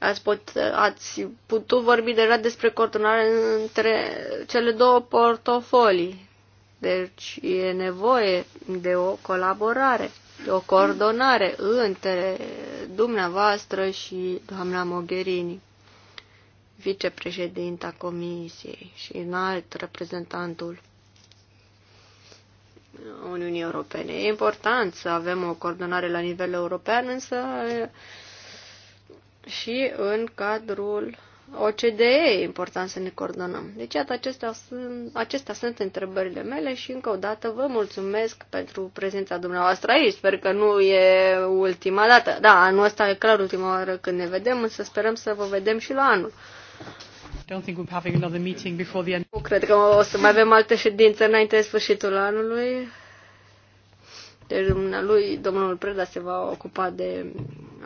C: Ați, put, ați putut vorbi deja despre coordonare între cele două portofolii. Deci e nevoie de o colaborare, de o coordonare între dumneavoastră și doamna Mogherini, vicepreședinta Comisiei și înalt reprezentantul Uniunii Europene. E important să avem o coordonare la nivel european, însă și în cadrul OCDE e important să ne coordonăm. Deci, iată, acestea sunt, acestea sunt întrebările mele și încă o dată vă mulțumesc pentru prezența dumneavoastră aici. Sper că nu e ultima dată. Da, anul ăsta e clar ultima oară când ne vedem, însă sperăm să vă vedem și la anul. Don't think having another meeting before the end. Nu cred că o să mai avem alte ședințe înainte de sfârșitul anului. Deci lui, domnul Preda se va ocupa de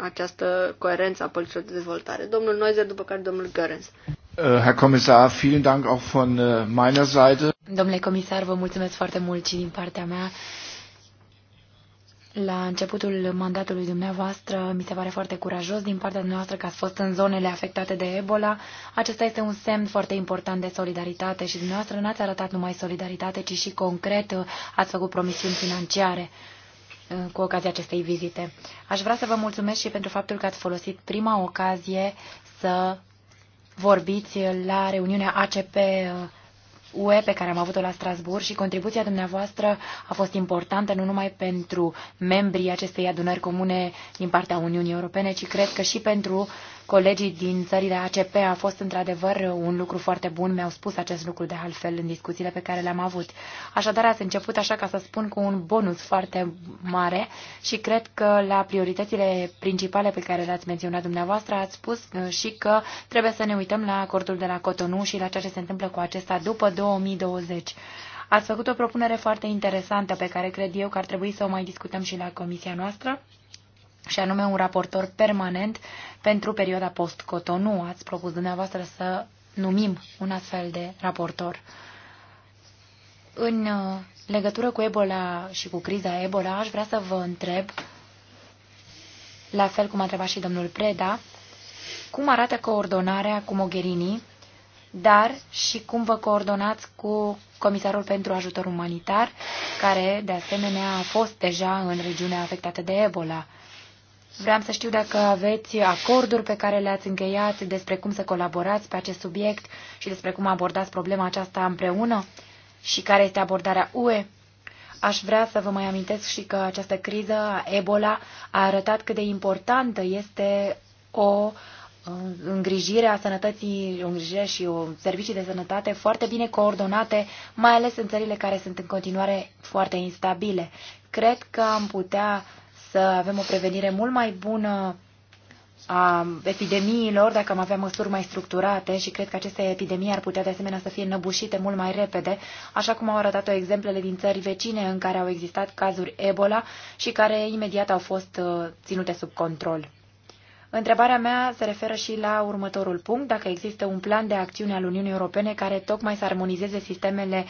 C: această coerență a politicilor de dezvoltare. Domnul
A: Noizer, după care domnul Görens.
C: Uh, Herr Kommissar, vielen Dank auch von uh, meiner Seite.
A: Domnule comisar, vă mulțumesc foarte mult și din partea mea. La începutul mandatului dumneavoastră, mi se pare foarte curajos din partea dumneavoastră că ați fost în zonele afectate de Ebola. Acesta este un semn foarte important de solidaritate și dumneavoastră n-ați arătat numai solidaritate, ci și concret uh, ați făcut promisiuni financiare cu ocazia acestei vizite. Aș vrea să vă mulțumesc și pentru faptul că ați folosit prima ocazie să vorbiți la reuniunea ACP uh, UE pe care am avut-o la Strasbourg și contribuția dumneavoastră a fost importantă nu numai pentru membrii acestei adunări comune din partea Uniunii Europene, ci cred că și pentru colegii din țările ACP a fost într-adevăr un lucru foarte bun. Mi-au spus acest lucru de altfel în discuțiile pe care le-am avut. Așadar, ați început, așa ca să spun, cu un bonus foarte mare și cred că la prioritățile principale pe care le-ați menționat dumneavoastră ați spus uh, și că trebuie să ne uităm la acordul de la Cotonou și la ceea ce se întâmplă cu acesta după 2020. Ați făcut o propunere foarte interesantă pe care cred eu că ar trebui să o mai discutăm și la comisia noastră și anume un raportor permanent pentru perioada post-Cotonou. Ați propus dumneavoastră să numim un astfel de raportor. În uh, legătură cu Ebola și cu criza Ebola, aș vrea să vă întreb, la fel cum a întrebat și domnul Preda, cum arată coordonarea cu Mogherini, dar și cum vă coordonați cu Comisarul pentru Ajutor Umanitar, care, de asemenea, a fost deja în regiunea afectată de Ebola. Vreau să știu dacă aveți acorduri pe care le-ați încheiat despre cum să colaborați pe acest subiect și despre cum abordați problema aceasta împreună și care este abordarea UE. Aș vrea să vă mai amintesc și că această criză Ebola a arătat cât de importantă este o uh, îngrijire a sănătății, o îngrijire și o servicii de sănătate foarte bine coordonate, mai ales în țările care sunt în continuare foarte instabile. Cred că am putea să avem o prevenire mult mai bună a epidemiilor, dacă am avea măsuri mai structurate și cred că aceste epidemii ar putea de asemenea să fie năbușite mult mai repede, așa cum au arătat exemplele din țări vecine în care au existat cazuri Ebola și care imediat au fost uh, ținute sub control. Întrebarea mea se referă și la următorul punct, dacă există un plan de acțiune al Uniunii Europene care tocmai să armonizeze sistemele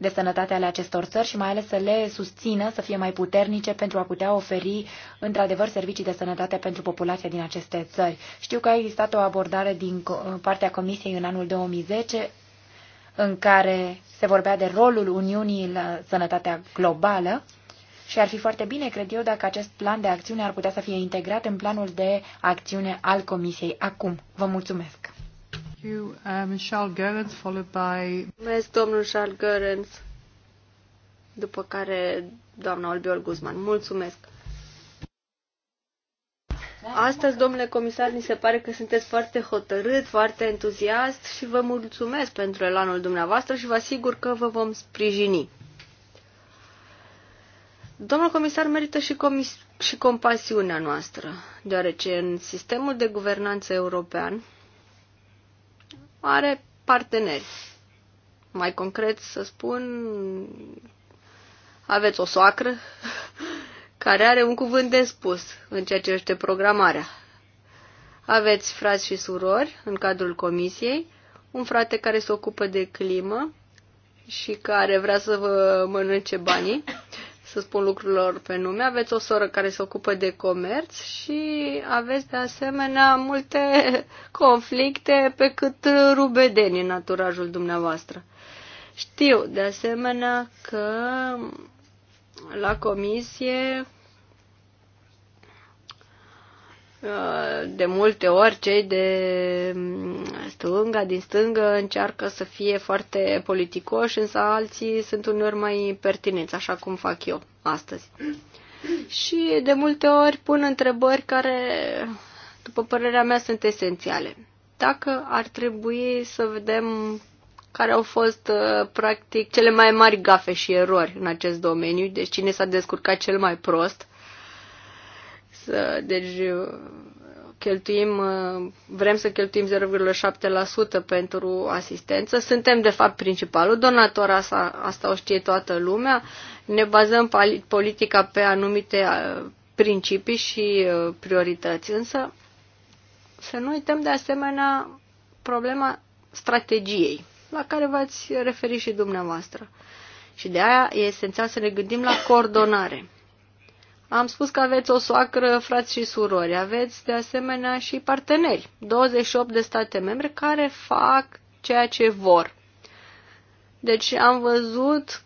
A: de sănătate ale acestor țări și mai ales să le susțină să fie mai puternice pentru a putea oferi într-adevăr servicii de sănătate pentru populația din aceste țări. Știu că a existat o abordare din partea Comisiei în anul 2010 în care se vorbea de rolul Uniunii la sănătatea globală și ar fi foarte bine, cred eu, dacă acest plan de acțiune ar putea să fie integrat în planul de acțiune al Comisiei acum. Vă mulțumesc! you, um, uh, Charles Gerens, followed by...
C: Mulțumesc, domnul Charles Gerens, după care doamna Olbiol Guzman. Mulțumesc! Astăzi, domnule comisar, mi se pare că sunteți foarte hotărât, foarte entuziast și vă mulțumesc pentru elanul dumneavoastră și vă asigur că vă vom sprijini. Domnul comisar merită și, comis- și compasiunea noastră, deoarece în sistemul de guvernanță european, are parteneri. Mai concret să spun, aveți o soacră <laughs> care are un cuvânt de spus în ceea ce este programarea. Aveți frați și surori în cadrul comisiei, un frate care se ocupă de climă și care vrea să vă mănânce banii, să spun lucrurilor pe nume. Aveți o soră care se ocupă de comerț și aveți de asemenea multe <laughs> conflicte pe cât rubedeni în naturajul dumneavoastră. Știu de asemenea că la comisie Uh, de multe ori cei de mm, stânga, din stângă, încearcă să fie foarte politicoși, însă alții sunt uneori mai pertinenți, așa cum fac eu astăzi. Și de multe ori pun întrebări care, după părerea mea, sunt esențiale. Dacă ar trebui să vedem care au fost, uh, practic, cele mai mari gafe și erori în acest domeniu, deci cine s-a descurcat cel mai prost, Uh, deci uh, cheltuim, uh, vrem să cheltuim 0,7% pentru asistență. Suntem, de fapt, principalul donator, asta, asta o știe toată lumea. Ne bazăm politica pe anumite principii și priorități, însă să nu uităm, de asemenea, problema strategiei, la care v-ați referit și dumneavoastră. Și de aia e esențial să ne gândim la coordonare. Am spus că aveți o soacră, frați și surori. Aveți de asemenea și parteneri. 28 de state membre care fac ceea ce vor. Deci am văzut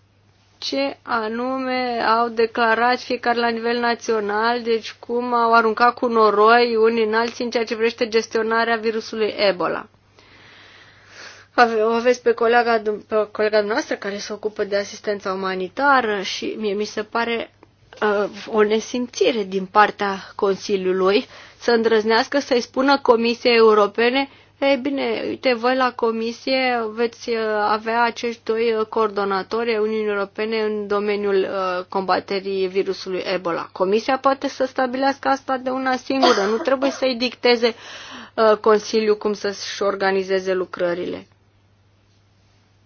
C: ce anume au declarat fiecare la nivel național, deci cum au aruncat cu noroi unii în alții în ceea ce vrește gestionarea virusului Ebola. O aveți pe colega, pe colega noastră care se ocupă de asistența umanitară și mie mi se pare Uh, o nesimțire din partea Consiliului să îndrăznească să-i spună Comisiei Europene ei bine, uite, voi la comisie veți uh, avea acești doi uh, coordonatori ai Uniunii Europene în domeniul combaterii virusului Ebola. Comisia poate să stabilească asta de una singură, nu trebuie să-i dicteze Consiliul cum să-și organizeze lucrările.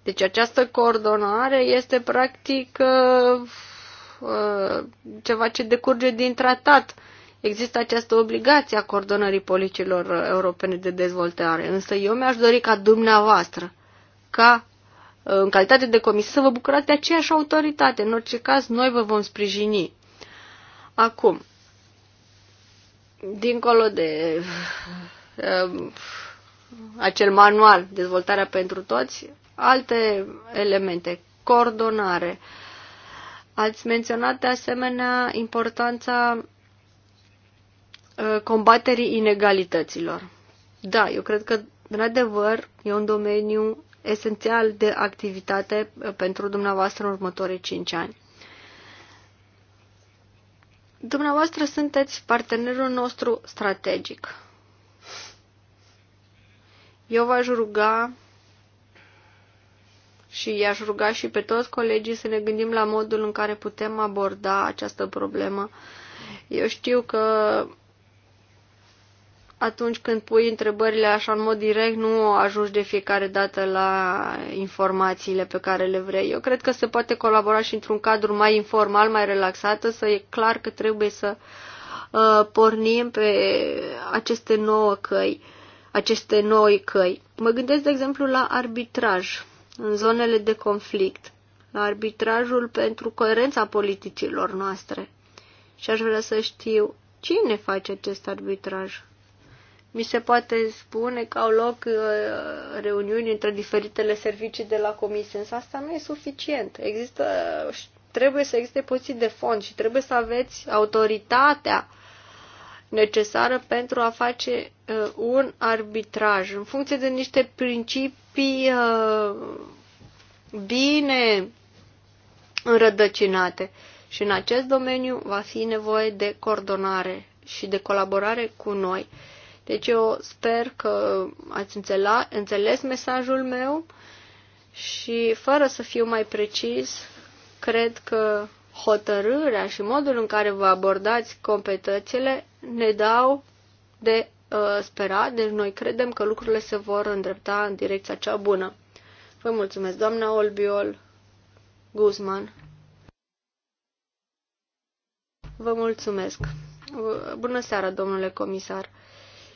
C: Deci această coordonare este practic Uh, ceva ce decurge din tratat. Există această obligație a coordonării politicilor uh, europene de dezvoltare, însă eu mi-aș dori ca dumneavoastră, ca uh, în calitate de comisar, să vă bucurați de aceeași autoritate. În orice caz, noi vă vom sprijini. Acum, dincolo de uh, acel manual, dezvoltarea pentru toți, alte elemente, coordonare, uh, Ați menționat de asemenea importanța uh, combaterii inegalităților. Da, eu cred că, în adevăr, e un domeniu esențial de activitate uh, pentru dumneavoastră în următorii 5 ani. Dumneavoastră sunteți partenerul nostru strategic. Eu v-aș ruga și i-aș ruga și pe toți colegii să ne gândim la modul în care putem aborda această problemă. Eu știu că atunci când pui întrebările așa în mod direct, nu ajungi de fiecare dată la informațiile pe care le vrei. Eu cred că se poate colabora și într-un cadru mai informal, mai relaxat, să e clar că trebuie să uh, pornim pe aceste nouă căi, aceste noi căi. Mă gândesc, de exemplu, la arbitraj în zonele de conflict, la arbitrajul pentru coerența politicilor noastre. Și aș vrea să știu cine face acest arbitraj. Mi se poate spune că au loc uh, reuniuni între diferitele servicii de la comisie, însă asta nu e suficient. Există, uh, trebuie să existe poziții de fond și trebuie să aveți autoritatea necesară pentru a face uh, un arbitraj în funcție de niște principii uh, bine înrădăcinate. Și în acest domeniu va fi nevoie de coordonare și de colaborare cu noi. Deci eu sper că ați înțela, înțeles mesajul meu și fără să fiu mai precis, cred că hotărârea și modul în care vă abordați competențele ne dau de uh, sperat, deci noi credem că lucrurile se vor îndrepta în direcția cea bună. Vă mulțumesc, doamna Olbiol Guzman. Vă mulțumesc. Bună seara, domnule comisar.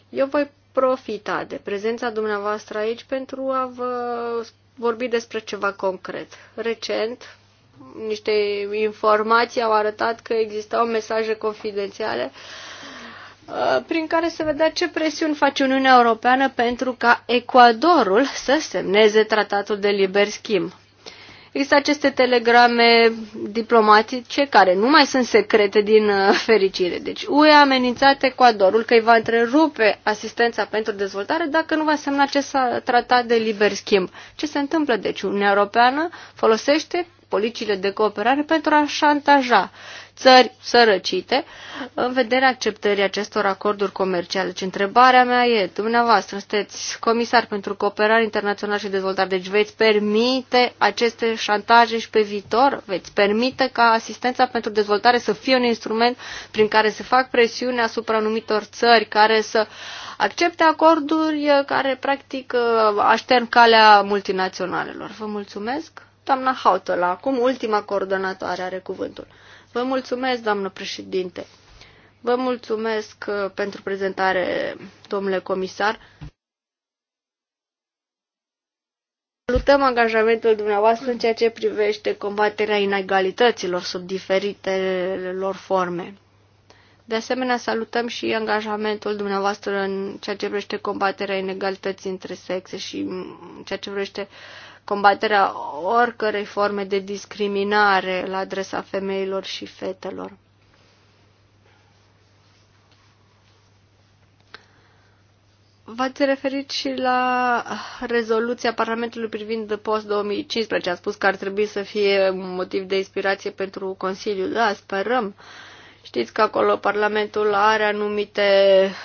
C: Eu voi profita de prezența dumneavoastră aici pentru a vă vorbi despre ceva concret. Recent, niște informații au arătat că existau mesaje confidențiale uh, prin care se vedea ce presiuni face Uniunea Europeană pentru ca Ecuadorul să semneze tratatul de liber schimb. Există aceste telegrame diplomatice care nu mai sunt secrete din uh, fericire. Deci UE a amenințat Ecuadorul că îi va întrerupe asistența pentru dezvoltare dacă nu va semna acest uh, tratat de liber schimb. Ce se întâmplă? Deci Uniunea Europeană folosește politicile de cooperare pentru a șantaja țări sărăcite în vederea acceptării acestor acorduri comerciale. Deci întrebarea mea e, dumneavoastră sunteți comisar pentru cooperare internațională și dezvoltare, deci veți permite aceste șantaje și pe viitor? Veți permite ca asistența pentru dezvoltare să fie un instrument prin care se fac presiune asupra anumitor țări care să accepte acorduri care practic aștern calea multinaționalelor? Vă mulțumesc! Doamna Hautăla, acum ultima coordonatoare are cuvântul. Vă mulțumesc, doamnă președinte. Vă mulțumesc uh, pentru prezentare, domnule comisar. Salutăm angajamentul dumneavoastră în ceea ce privește combaterea inegalităților sub diferitele lor forme. De asemenea, salutăm și angajamentul dumneavoastră în ceea ce privește combaterea inegalității între sexe și în ceea ce privește combaterea oricărei forme de discriminare la adresa femeilor și fetelor. V-ați referit și la rezoluția Parlamentului privind post-2015. A spus că ar trebui să fie un motiv de inspirație pentru Consiliul. Da, sperăm. Uh, Știți că acolo Parlamentul are anumite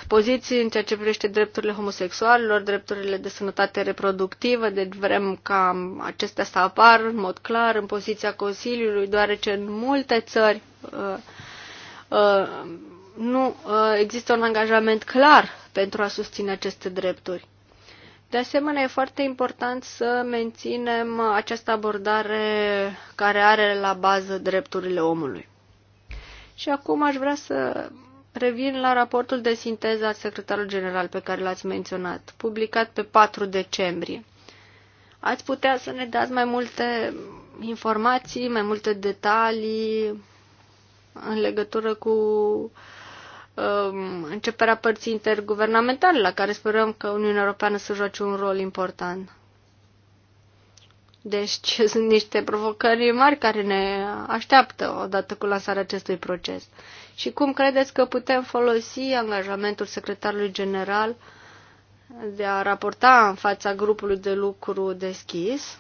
C: poziții în ceea ce privește drepturile homosexualilor, drepturile de sănătate reproductivă, deci vrem ca acestea să apar în mod clar în poziția Consiliului, deoarece în multe țări uh, uh, nu uh, există un angajament clar pentru a susține aceste drepturi. De asemenea, e foarte important să menținem această abordare care are la bază drepturile omului. Și acum aș vrea să revin la raportul de sinteză al secretarului general pe care l-ați menționat, publicat pe 4 decembrie. Ați putea să ne dați mai multe informații, mai multe detalii în legătură cu um, începerea părții interguvernamentale, la care sperăm că Uniunea Europeană să joace un rol important. Deci <laughs> sunt niște provocări mari care ne așteaptă odată cu lansarea acestui proces. Și cum credeți că putem folosi angajamentul secretarului general de a raporta în fața grupului de lucru deschis?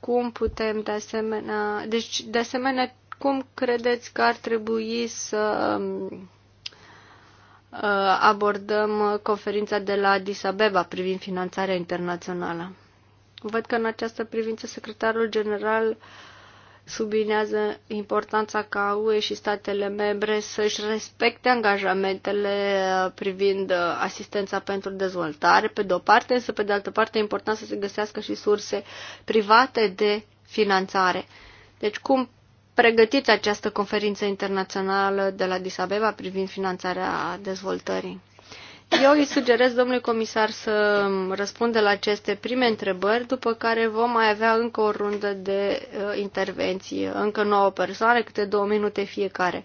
C: Cum putem de asemenea... Deci, de asemenea, cum credeți că ar trebui să um, uh, abordăm conferința de la Addis Abeba privind finanțarea internațională? Văd că în această privință secretarul general sublinează importanța ca UE și statele membre să-și respecte angajamentele uh, privind uh, asistența pentru dezvoltare, pe de o parte, însă pe de altă parte e important să se găsească și surse private de finanțare. Deci cum pregătiți această conferință internațională de la Disabeba privind finanțarea dezvoltării? Eu îi sugerez domnului comisar să răspundă la aceste prime întrebări, după care vom mai avea încă o rundă de uh, intervenții, încă nouă persoane, câte două minute fiecare.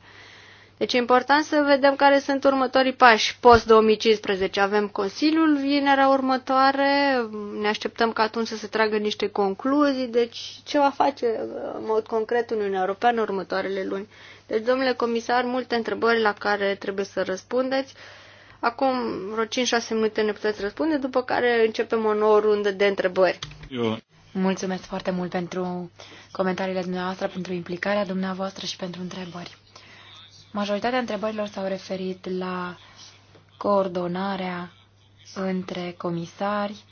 C: Deci e important să vedem care sunt următorii pași post-2015. Avem Consiliul vinerea următoare, ne așteptăm ca atunci să se tragă niște concluzii, deci ce va face uh, în mod concret Uniunea Europeană următoarele luni. Deci, domnule comisar, multe întrebări la care trebuie să răspundeți. Acum vreo 5-6 minute ne puteți răspunde, după care începem o nouă rundă de
A: întrebări. Eu. Mulțumesc foarte mult pentru comentariile dumneavoastră, pentru implicarea dumneavoastră și pentru întrebări. Majoritatea întrebărilor s-au referit la coordonarea între comisari,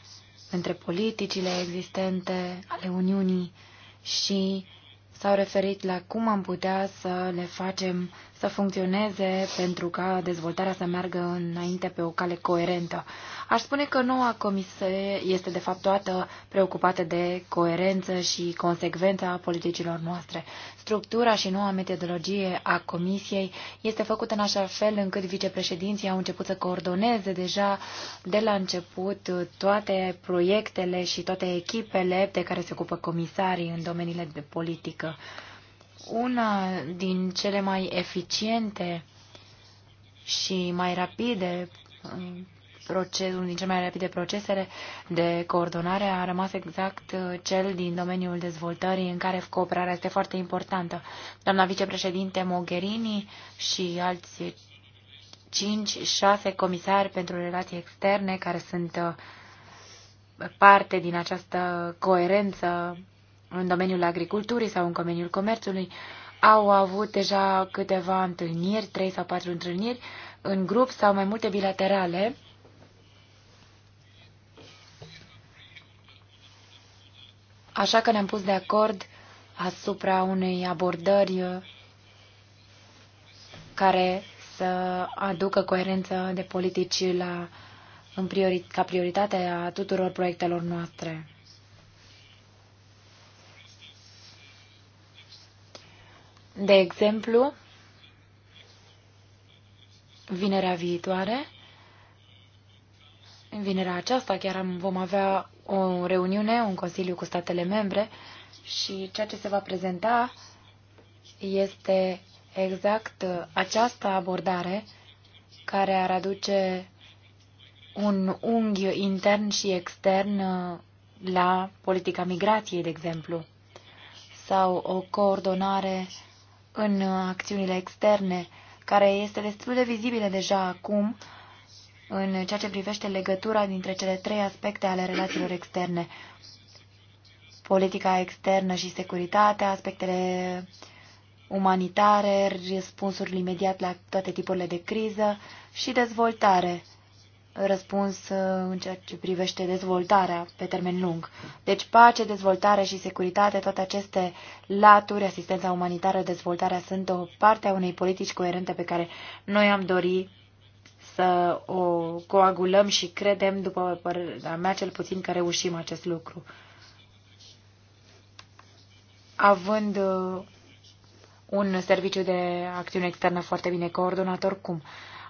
A: între politicile existente ale Uniunii și s-au referit la cum am putea să le facem să funcționeze pentru ca dezvoltarea să meargă înainte pe o cale coerentă. Aș spune că noua comisie este de fapt toată preocupată de coerență și consecvența politicilor noastre. Structura și noua metodologie a comisiei este făcută în așa fel încât vicepreședinții au început să coordoneze deja de la început toate proiectele și toate echipele de care se ocupă comisarii în domeniile de politică una din cele mai eficiente și mai rapide uh, proces, unul din cele mai rapide procesele de coordonare a rămas exact uh, cel din domeniul dezvoltării în care cooperarea este foarte importantă. Doamna vicepreședinte Mogherini și alți 5-6 comisari pentru relații externe care sunt uh, parte din această coerență în domeniul agriculturii sau în domeniul comerțului, au avut deja câteva întâlniri, trei sau patru întâlniri, în grup sau mai multe bilaterale. Așa că ne-am pus de acord asupra unei abordări care să aducă coerență de politici la, în priori, ca prioritate a tuturor proiectelor noastre. De exemplu, vinerea viitoare, în vinerea aceasta chiar am, vom avea o reuniune, un consiliu cu statele membre și ceea ce se va prezenta este exact această abordare care ar aduce un unghi intern și extern uh, la politica migrației, de exemplu, sau o coordonare în acțiunile externe, care este destul de vizibilă deja acum în ceea ce privește legătura dintre cele trei aspecte ale relațiilor externe. Politica externă și securitatea, aspectele umanitare, răspunsurile imediat la toate tipurile de criză și dezvoltare răspuns uh, în ceea ce privește dezvoltarea pe termen lung. Deci pace, dezvoltare și securitate, toate aceste laturi, asistența umanitară, dezvoltarea, sunt o parte a unei politici coerente pe care noi am dori să o coagulăm și credem, după părerea mea cel puțin, că reușim acest lucru. Având uh, un serviciu de acțiune externă foarte bine coordonat oricum.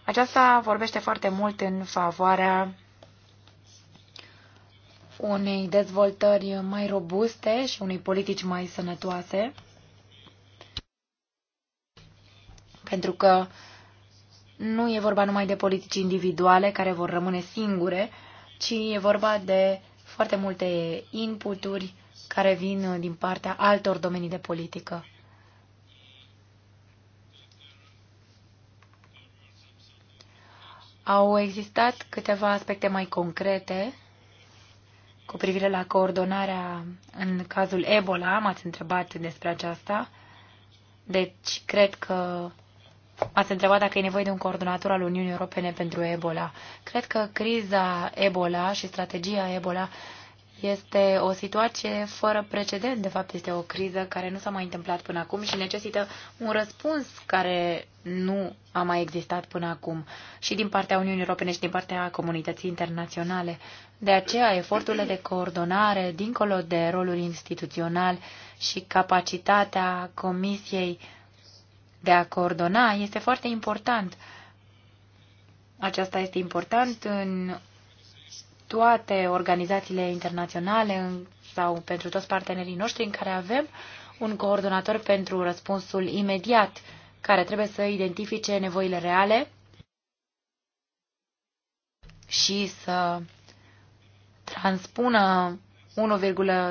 A: Aceasta vorbește foarte mult în favoarea unei dezvoltări mai robuste și unei politici mai sănătoase, pentru că nu e vorba numai de politici individuale care vor rămâne singure, ci e vorba de foarte multe inputuri care vin din partea altor domenii de politică. Au existat câteva aspecte mai concrete cu privire la coordonarea în cazul Ebola. M-ați întrebat despre aceasta. Deci, cred că ați întrebat dacă e nevoie de un coordonator al Uniunii Europene pentru Ebola. Cred că criza Ebola și strategia Ebola este o situație fără precedent, de fapt este o criză care nu s-a mai întâmplat până acum și necesită un răspuns care nu a mai existat până acum și din partea Uniunii Europene și din partea comunității internaționale. De aceea, eforturile de coordonare, dincolo de rolul instituțional și capacitatea Comisiei de a coordona, este foarte important. Aceasta este important în toate organizațiile internaționale sau pentru toți partenerii noștri în care avem un coordonator pentru răspunsul imediat, care trebuie să identifice nevoile reale și să transpună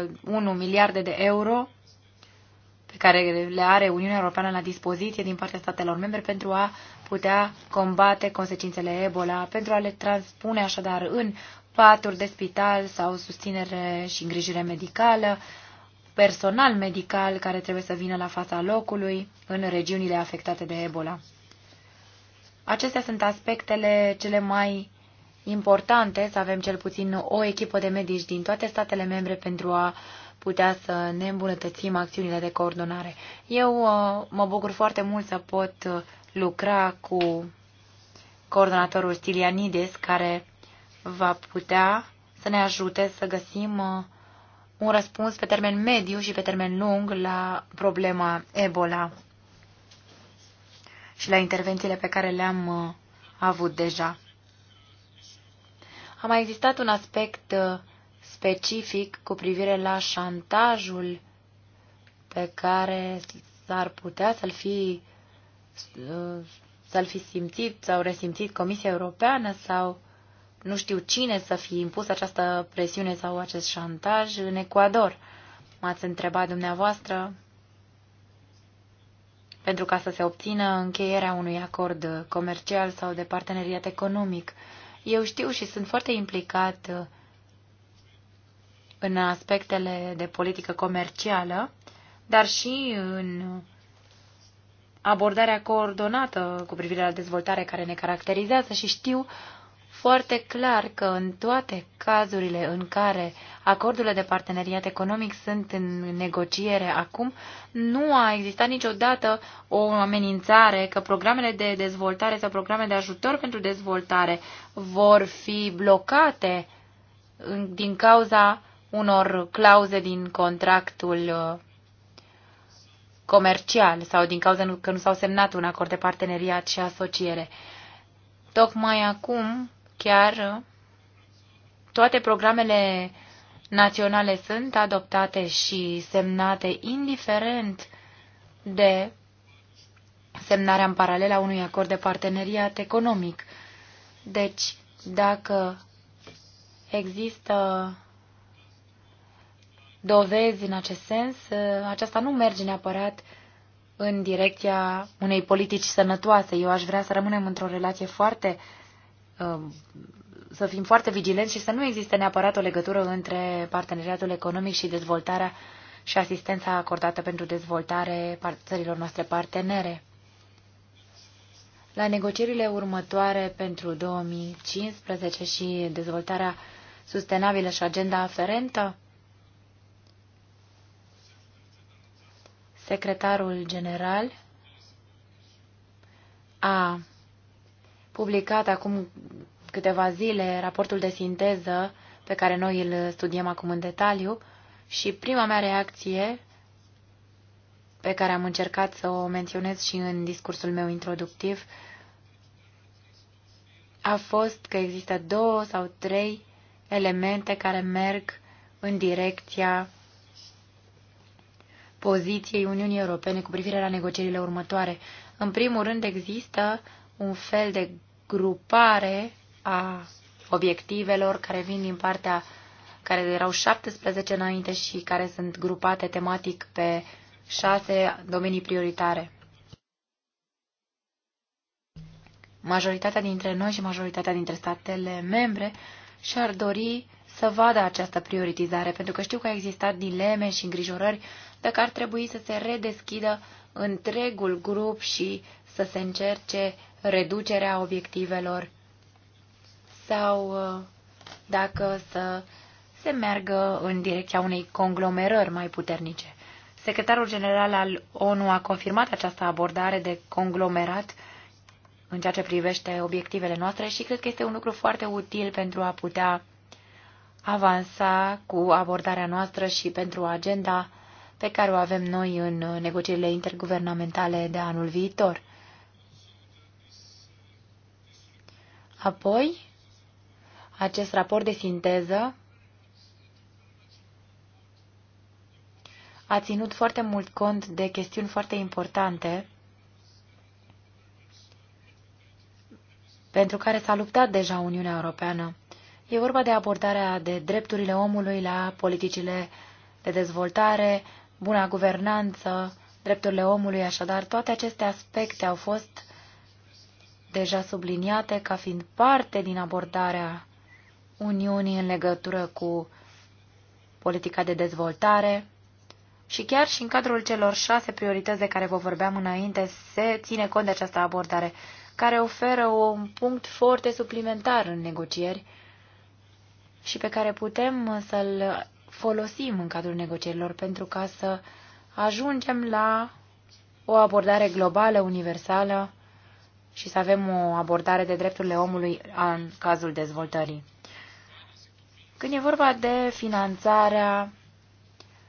A: 1,1 miliarde de euro pe care le are Uniunea Europeană la dispoziție din partea statelor membre pentru a putea combate consecințele Ebola, pentru a le transpune așadar în paturi de spital sau susținere și îngrijire medicală, personal medical care trebuie să vină la fața locului în regiunile afectate de Ebola. Acestea sunt aspectele cele mai importante, să avem cel puțin o echipă de medici din toate statele membre pentru a putea să ne îmbunătățim acțiunile de coordonare. Eu uh, mă bucur foarte mult să pot uh, lucra cu coordonatorul Stilianides, care va putea să ne ajute să găsim uh, un răspuns pe termen mediu și pe termen lung la problema Ebola și la intervențiile pe care le-am uh, avut deja. A mai existat un aspect uh, specific cu privire la șantajul pe care s-ar putea să-l fi să-l fi simțit sau resimțit Comisia Europeană sau nu știu cine să fi impus această presiune sau acest șantaj în Ecuador. M-ați întrebat dumneavoastră pentru ca să se obțină încheierea unui acord comercial sau de parteneriat economic. Eu știu și sunt foarte implicat în aspectele de politică comercială, dar și în abordarea coordonată cu privire la dezvoltare care ne caracterizează și știu foarte clar că în toate cazurile în care acordurile de parteneriat economic sunt în negociere acum, nu a existat niciodată o amenințare că programele de dezvoltare sau programele de ajutor pentru dezvoltare vor fi blocate din cauza unor clauze din contractul uh, comercial sau din cauza că nu s-au semnat un acord de parteneriat și asociere. Tocmai acum Chiar toate programele naționale sunt adoptate și semnate indiferent de semnarea în paralel a unui acord de parteneriat economic. Deci, dacă există dovezi în acest sens, aceasta nu merge neapărat în direcția unei politici sănătoase. Eu aș vrea să rămânem într-o relație foarte uh, Um, să fim foarte vigilenți și să nu existe neapărat o legătură între parteneriatul economic și dezvoltarea și asistența acordată pentru dezvoltare țărilor noastre partenere. La negocierile următoare pentru 2015 și dezvoltarea sustenabilă și agenda aferentă, secretarul general a publicat acum câteva zile raportul de sinteză pe care noi îl studiem acum în detaliu și prima mea reacție pe care am încercat să o menționez și în discursul meu introductiv a fost că există două sau trei elemente care merg în direcția poziției Uniunii Europene cu privire la negocierile următoare. În primul rând există un fel de grupare a obiectivelor care vin din partea care erau 17 înainte și care sunt grupate tematic pe șase domenii prioritare. Majoritatea dintre noi și majoritatea dintre statele membre și-ar dori să vadă această prioritizare, pentru că știu că a existat dileme și îngrijorări dacă ar trebui să se redeschidă întregul grup și să se încerce reducerea obiectivelor sau uh, dacă să se meargă în direcția unei conglomerări mai puternice. Secretarul general al ONU a confirmat această abordare de conglomerat în ceea ce privește obiectivele noastre și cred că este un lucru foarte util pentru a putea avansa cu abordarea noastră și pentru agenda pe care o avem noi în negocierile interguvernamentale de anul viitor. Apoi, acest raport de sinteză a ținut foarte mult cont de chestiuni foarte importante pentru care s-a luptat deja Uniunea Europeană. E vorba de abordarea de drepturile omului la politicile de dezvoltare, buna guvernanță, drepturile omului, așadar, toate aceste aspecte au fost deja subliniate ca fiind parte din abordarea Uniunii în legătură cu politica de dezvoltare și chiar și în cadrul celor șase priorități de care vă vorbeam înainte se ține cont de această abordare, care oferă un punct foarte suplimentar în negocieri și pe care putem să-l folosim în cadrul negocierilor pentru ca să ajungem la o abordare globală, universală, și să avem o abordare de drepturile omului în cazul dezvoltării. Când e vorba de finanțarea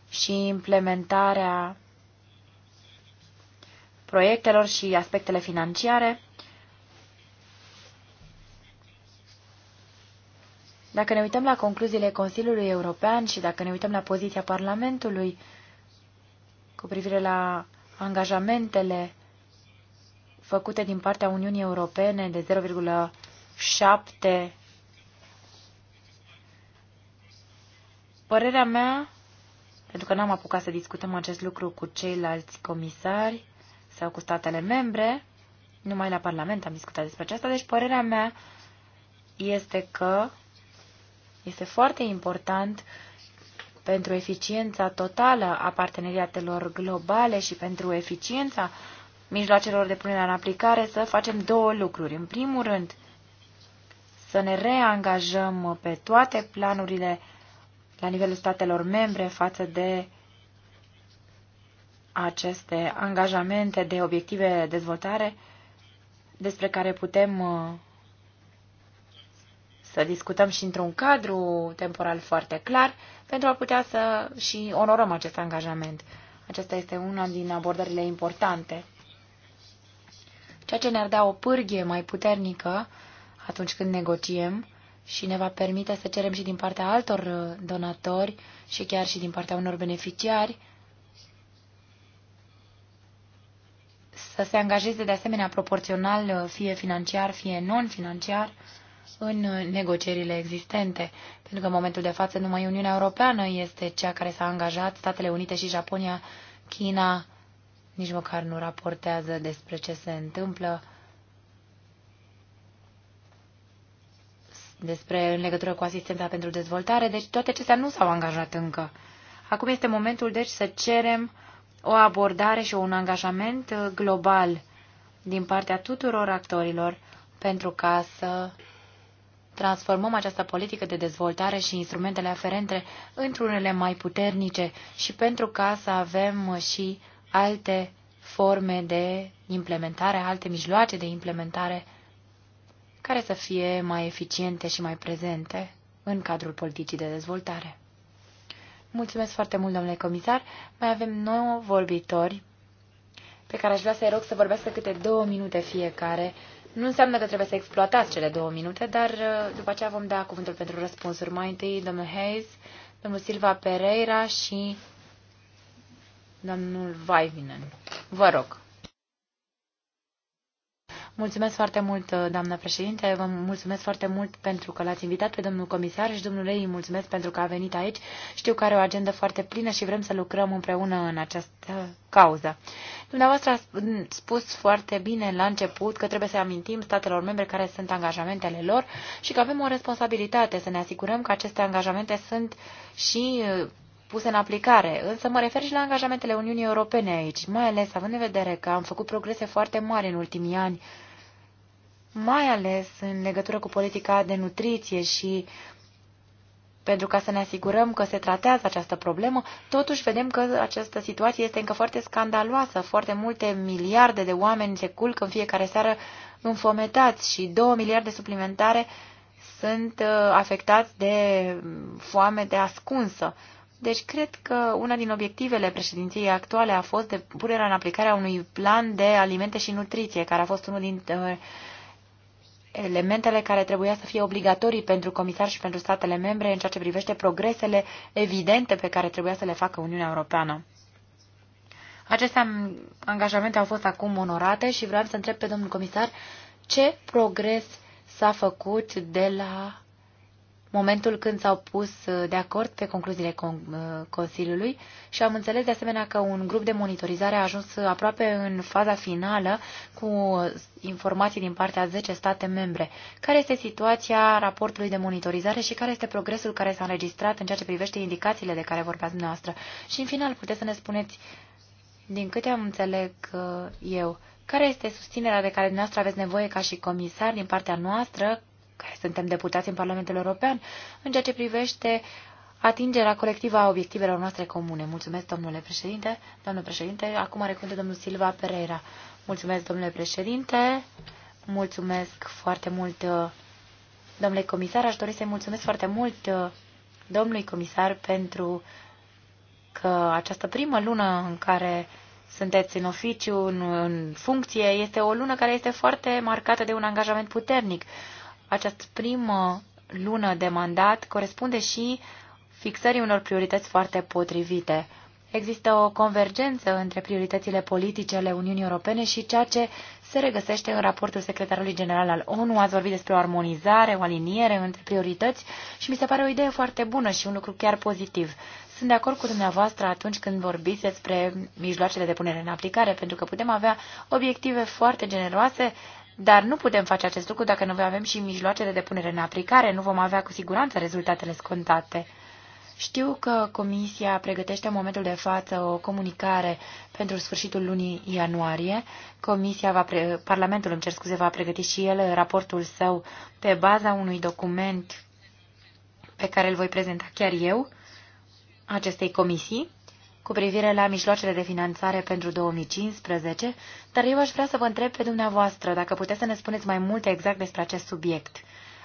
A: și implementarea proiectelor și aspectele financiare, Dacă ne uităm la concluziile Consiliului European și dacă ne uităm la poziția Parlamentului cu privire la angajamentele făcute din partea Uniunii Europene de 0,7. Părerea mea, pentru că n-am apucat să discutăm acest lucru cu ceilalți comisari sau cu statele membre, numai la Parlament am discutat despre aceasta, deci părerea mea este că este foarte important pentru eficiența totală a parteneriatelor globale și pentru eficiența uh, mijloacelor de punere în aplicare să facem două lucruri. În primul rând, să ne reangajăm pe toate planurile la nivelul statelor membre față de aceste angajamente de obiective de dezvoltare despre care putem uh, să discutăm și într-un cadru temporal foarte clar pentru a putea să și onorăm acest angajament. Aceasta este una din abordările importante ceea ce ne-ar da o pârghie mai puternică atunci când negociem și ne va permite să cerem și din partea altor uh, donatori și chiar și din partea unor beneficiari să se angajeze de asemenea proporțional, uh, fie financiar, fie non-financiar, în uh, negocierile existente, pentru că în momentul de față numai Uniunea Europeană este cea care s-a angajat, Statele Unite și Japonia, China nici măcar nu raportează despre ce se întâmplă, despre în legătură cu asistența pentru dezvoltare, deci toate acestea nu s-au angajat încă. Acum este momentul, deci, să cerem o abordare și un angajament uh, global din partea tuturor actorilor pentru ca să transformăm această politică de dezvoltare și instrumentele aferente într-unele mai puternice și pentru ca să avem și alte forme de implementare, alte mijloace de implementare care să fie mai eficiente și mai prezente în cadrul politicii de dezvoltare. Mulțumesc foarte mult, domnule comisar. Mai avem 9 vorbitori pe care aș vrea să-i rog să vorbească câte două minute fiecare. Nu înseamnă că trebuie să exploatați cele două minute, dar uh, după aceea vom da cuvântul pentru răspunsuri. Mai întâi domnul Hayes, domnul Silva Pereira și domnul Vaivinen. Vă rog. Mulțumesc foarte mult, doamnă președinte, vă mulțumesc foarte mult pentru că l-ați invitat pe domnul comisar și domnule îi mulțumesc pentru că a venit aici. Știu că are o agendă foarte plină și vrem să lucrăm împreună în această cauză. Dumneavoastră a spus foarte bine la început că trebuie să amintim statelor membre care sunt angajamentele lor și că avem o responsabilitate să ne asigurăm că aceste angajamente sunt și puse în aplicare, însă mă refer și la angajamentele Uniunii Europene aici, mai ales având în vedere că am făcut progrese foarte mari în ultimii ani, mai ales în legătură cu politica de nutriție și pentru ca să ne asigurăm că se tratează această problemă, totuși vedem că această situație este încă foarte scandaloasă. Foarte multe miliarde de oameni se culcă în fiecare seară înfometați și două miliarde suplimentare sunt uh, afectați de foame de ascunsă. Deci cred că una din obiectivele președinției actuale a fost de punerea în aplicare a unui plan de alimente și nutriție, care a fost unul din uh, elementele care trebuia să fie obligatorii pentru comisar și pentru statele membre în ceea ce privește progresele evidente pe care trebuia să le facă Uniunea Europeană. Aceste angajamente au fost acum onorate și vreau să întreb pe domnul comisar ce progres s-a făcut de la momentul când s-au pus uh, de acord pe concluziile uh, Consiliului și am înțeles de asemenea că un grup de monitorizare a ajuns aproape în faza finală cu uh, informații din partea 10 state membre. Care este situația raportului de monitorizare și care este progresul care s-a înregistrat în ceea ce privește indicațiile de care vorbeați dumneavoastră? Și în final puteți să ne spuneți, din câte am înțeleg eu, care este susținerea de care dumneavoastră aveți nevoie ca și comisar din partea noastră care suntem deputați în Parlamentul European, în ceea ce privește atingerea colectivă a obiectivelor noastre comune. Mulțumesc, domnule președinte. Domnule președinte, acum are cuvântul domnul Silva Pereira. Mulțumesc, domnule președinte. Mulțumesc foarte mult, uh, domnule comisar. Aș dori să-i mulțumesc foarte mult uh, domnului comisar pentru că această primă lună în care sunteți în oficiu, în, în funcție, este o lună care este foarte marcată de un angajament puternic această primă lună de mandat corespunde și fixării unor priorități foarte potrivite. Există o convergență între prioritățile politice ale Uniunii Europene și ceea ce se regăsește în raportul secretarului general al ONU. Ați vorbit despre o armonizare, o aliniere între priorități și mi se pare o idee foarte bună și un lucru chiar pozitiv. Sunt de acord cu dumneavoastră atunci când vorbiți despre mijloacele de punere în aplicare, pentru că putem avea obiective foarte generoase dar nu putem face acest lucru dacă nu avem și mijloace de depunere în aplicare, nu vom avea cu siguranță rezultatele scontate. Știu că Comisia pregătește în momentul de față o comunicare pentru sfârșitul lunii ianuarie. Comisia va pre... Parlamentul, îmi cer scuze, va pregăti și el raportul său pe baza unui document pe care îl voi prezenta chiar eu acestei comisii cu privire la mijloacele de finanțare pentru 2015, dar eu aș vrea să vă întreb pe dumneavoastră dacă puteți să ne spuneți mai multe exact despre acest subiect.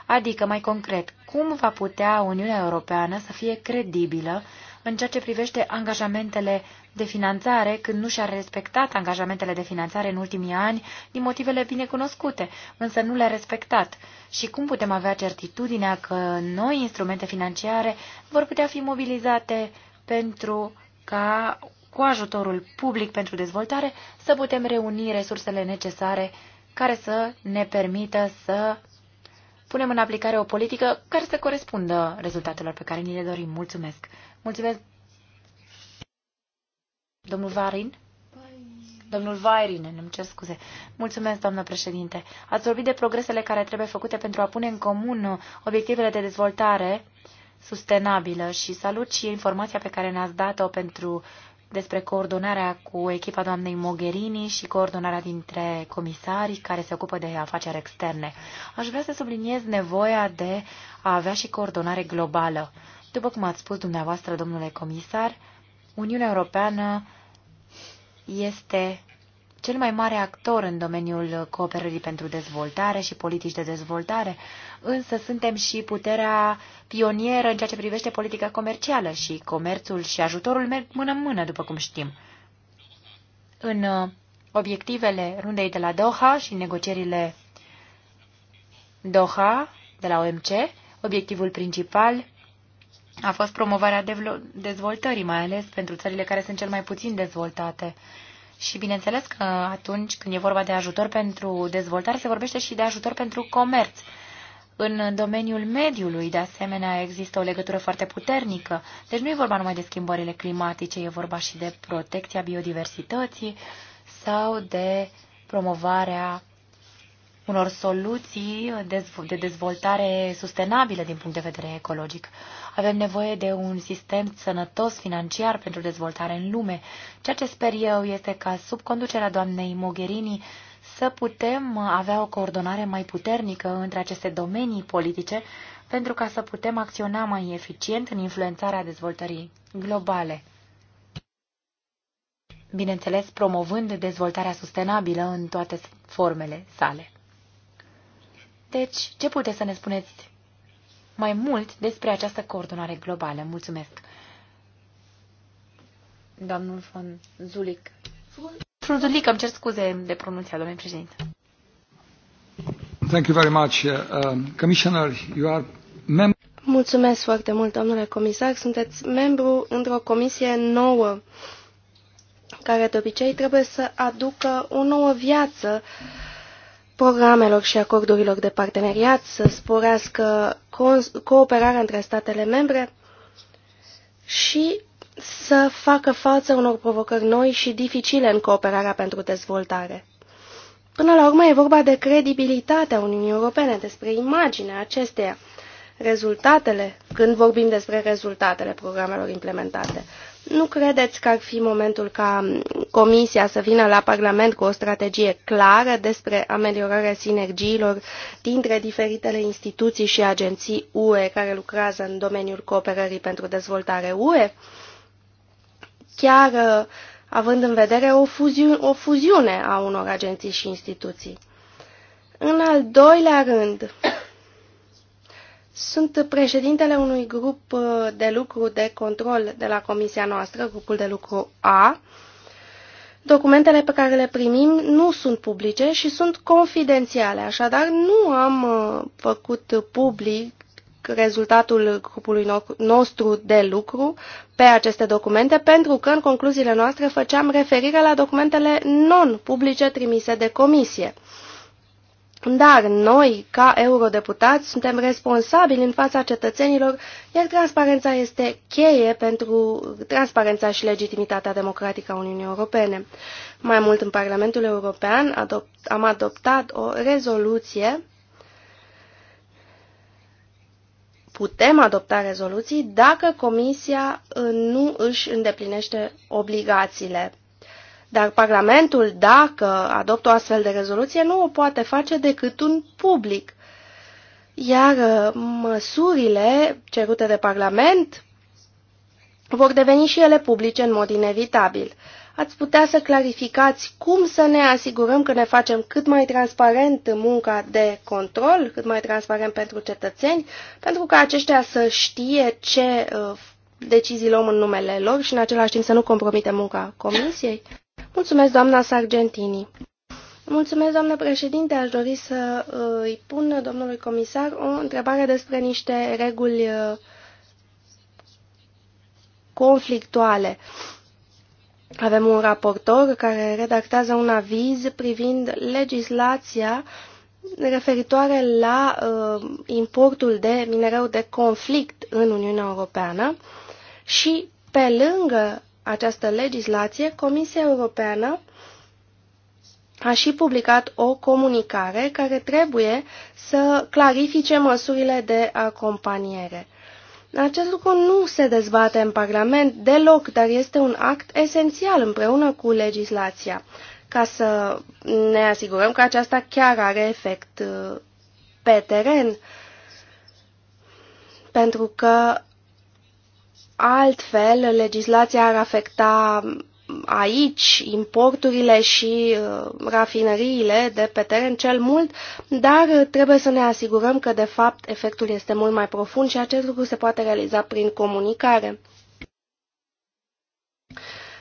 A: Adică, mai concret, cum va putea Uniunea Europeană să fie credibilă în ceea ce privește angajamentele de finanțare, când nu și-a respectat angajamentele de finanțare în ultimii ani, din motivele binecunoscute, însă nu le-a respectat. Și cum putem avea certitudinea că noi instrumente financiare vor putea fi mobilizate pentru ca cu ajutorul public pentru dezvoltare să putem reuni resursele necesare care să ne permită să punem în aplicare o politică care să corespundă rezultatelor pe care ni le dorim. Mulțumesc! Mulțumesc! Domnul Varin? Domnul Vairin, îmi cer scuze. Mulțumesc, doamnă președinte. Ați vorbit de progresele care trebuie făcute pentru a pune în comun obiectivele de dezvoltare uh, sustenabilă și salut și informația pe care ne-ați dat-o pentru despre coordonarea cu echipa doamnei Mogherini și coordonarea dintre comisari care se ocupă de afaceri externe. Aș vrea să subliniez nevoia de a avea și coordonare globală. După cum ați spus dumneavoastră, domnule comisar, Uniunea Europeană este cel mai mare actor în domeniul cooperării pentru dezvoltare și politici de dezvoltare, însă suntem și puterea pionieră în ceea ce privește politica comercială și comerțul și ajutorul merg mână-mână, după cum știm. În uh, obiectivele rundei de la Doha și negocierile Doha de la OMC, obiectivul principal a fost promovarea dezvoltării, mai ales pentru țările care sunt cel mai puțin dezvoltate. Și bineînțeles că atunci când e vorba de ajutor pentru dezvoltare, se vorbește și de ajutor pentru comerț. În domeniul mediului, de asemenea, există o legătură foarte puternică. Deci nu e vorba numai de schimbările climatice, e vorba și de protecția biodiversității sau de promovarea unor soluții de dezvoltare sustenabilă din punct de vedere ecologic. Avem nevoie de un sistem sănătos financiar pentru dezvoltare în lume. Ceea ce sper eu este ca sub conducerea doamnei Mogherini să putem avea o coordonare mai puternică între aceste domenii politice pentru ca să putem acționa mai eficient în influențarea dezvoltării globale. Bineînțeles, promovând dezvoltarea sustenabilă în toate formele sale. Deci, ce puteți să ne spuneți mai mult despre această coordonare globală? Mulțumesc! Domnul von Zulic. Zulic, îmi cer scuze de pronunția, domnule președinte.
C: Thank you very much, uh, um, Commissioner. You are mem-
A: Mulțumesc foarte
B: mult, domnule comisar. Sunteți membru într-o comisie nouă, care de obicei trebuie să aducă o nouă viață uh, programelor și acordurilor de parteneriat, să sporească cooperarea între statele membre și să facă față unor provocări noi și dificile în cooperarea pentru dezvoltare. Până la urmă e vorba de credibilitatea Uniunii Europene, despre imaginea acesteia, rezultatele, când vorbim despre rezultatele programelor implementate. Nu credeți că ar fi momentul ca Comisia să vină la Parlament cu o strategie clară despre ameliorarea sinergiilor dintre diferitele instituții și agenții UE care lucrează în domeniul cooperării pentru dezvoltare UE? Chiar uh, având în vedere o, fuziune, o fuziune a unor agenții și instituții. În al doilea rând, sunt președintele unui grup uh, de lucru de control de la comisia noastră, grupul de lucru A. Documentele pe care le primim nu sunt publice și sunt confidențiale, așadar nu am uh, făcut public rezultatul grupului nostru de lucru pe aceste documente, pentru că în concluziile noastre făceam referire la documentele non-publice trimise de comisie. Dar noi, ca eurodeputați, suntem responsabili în fața cetățenilor, iar transparența este cheie pentru transparența și legitimitatea democratică a Uniunii Europene. Mai mult, în Parlamentul European adopt, am adoptat o rezoluție, putem adopta rezoluții dacă Comisia uh, nu își îndeplinește obligațiile dar Parlamentul, dacă adoptă o astfel de rezoluție, nu o poate face decât un public. Iar uh, măsurile cerute de Parlament vor deveni și ele publice în mod inevitabil. Ați putea să clarificați cum să ne asigurăm că ne facem cât mai transparent munca de control, cât mai transparent pentru cetățeni, pentru ca aceștia să știe ce uh, decizii luăm în numele lor și în același timp să nu compromite munca comisiei? Mulțumesc, doamna Sargentini. Mulțumesc, doamnă președinte. Aș dori să uh, îi pun domnului comisar o întrebare despre niște reguli uh, conflictuale. Avem un raportor care redactează un aviz privind legislația referitoare la uh, importul de minereu de conflict în Uniunea Europeană și pe lângă această legislație, Comisia Europeană a și publicat o comunicare care trebuie să clarifice măsurile de acompaniere. Acest lucru nu se dezbate în Parlament deloc, dar este un act esențial împreună cu legislația, ca să ne asigurăm că aceasta chiar are efect uh, pe teren, pentru că Altfel, legislația ar afecta aici importurile și uh, rafinăriile de pe teren cel mult, dar trebuie să ne asigurăm că, de fapt, efectul este mult mai profund și acest lucru se poate realiza prin comunicare.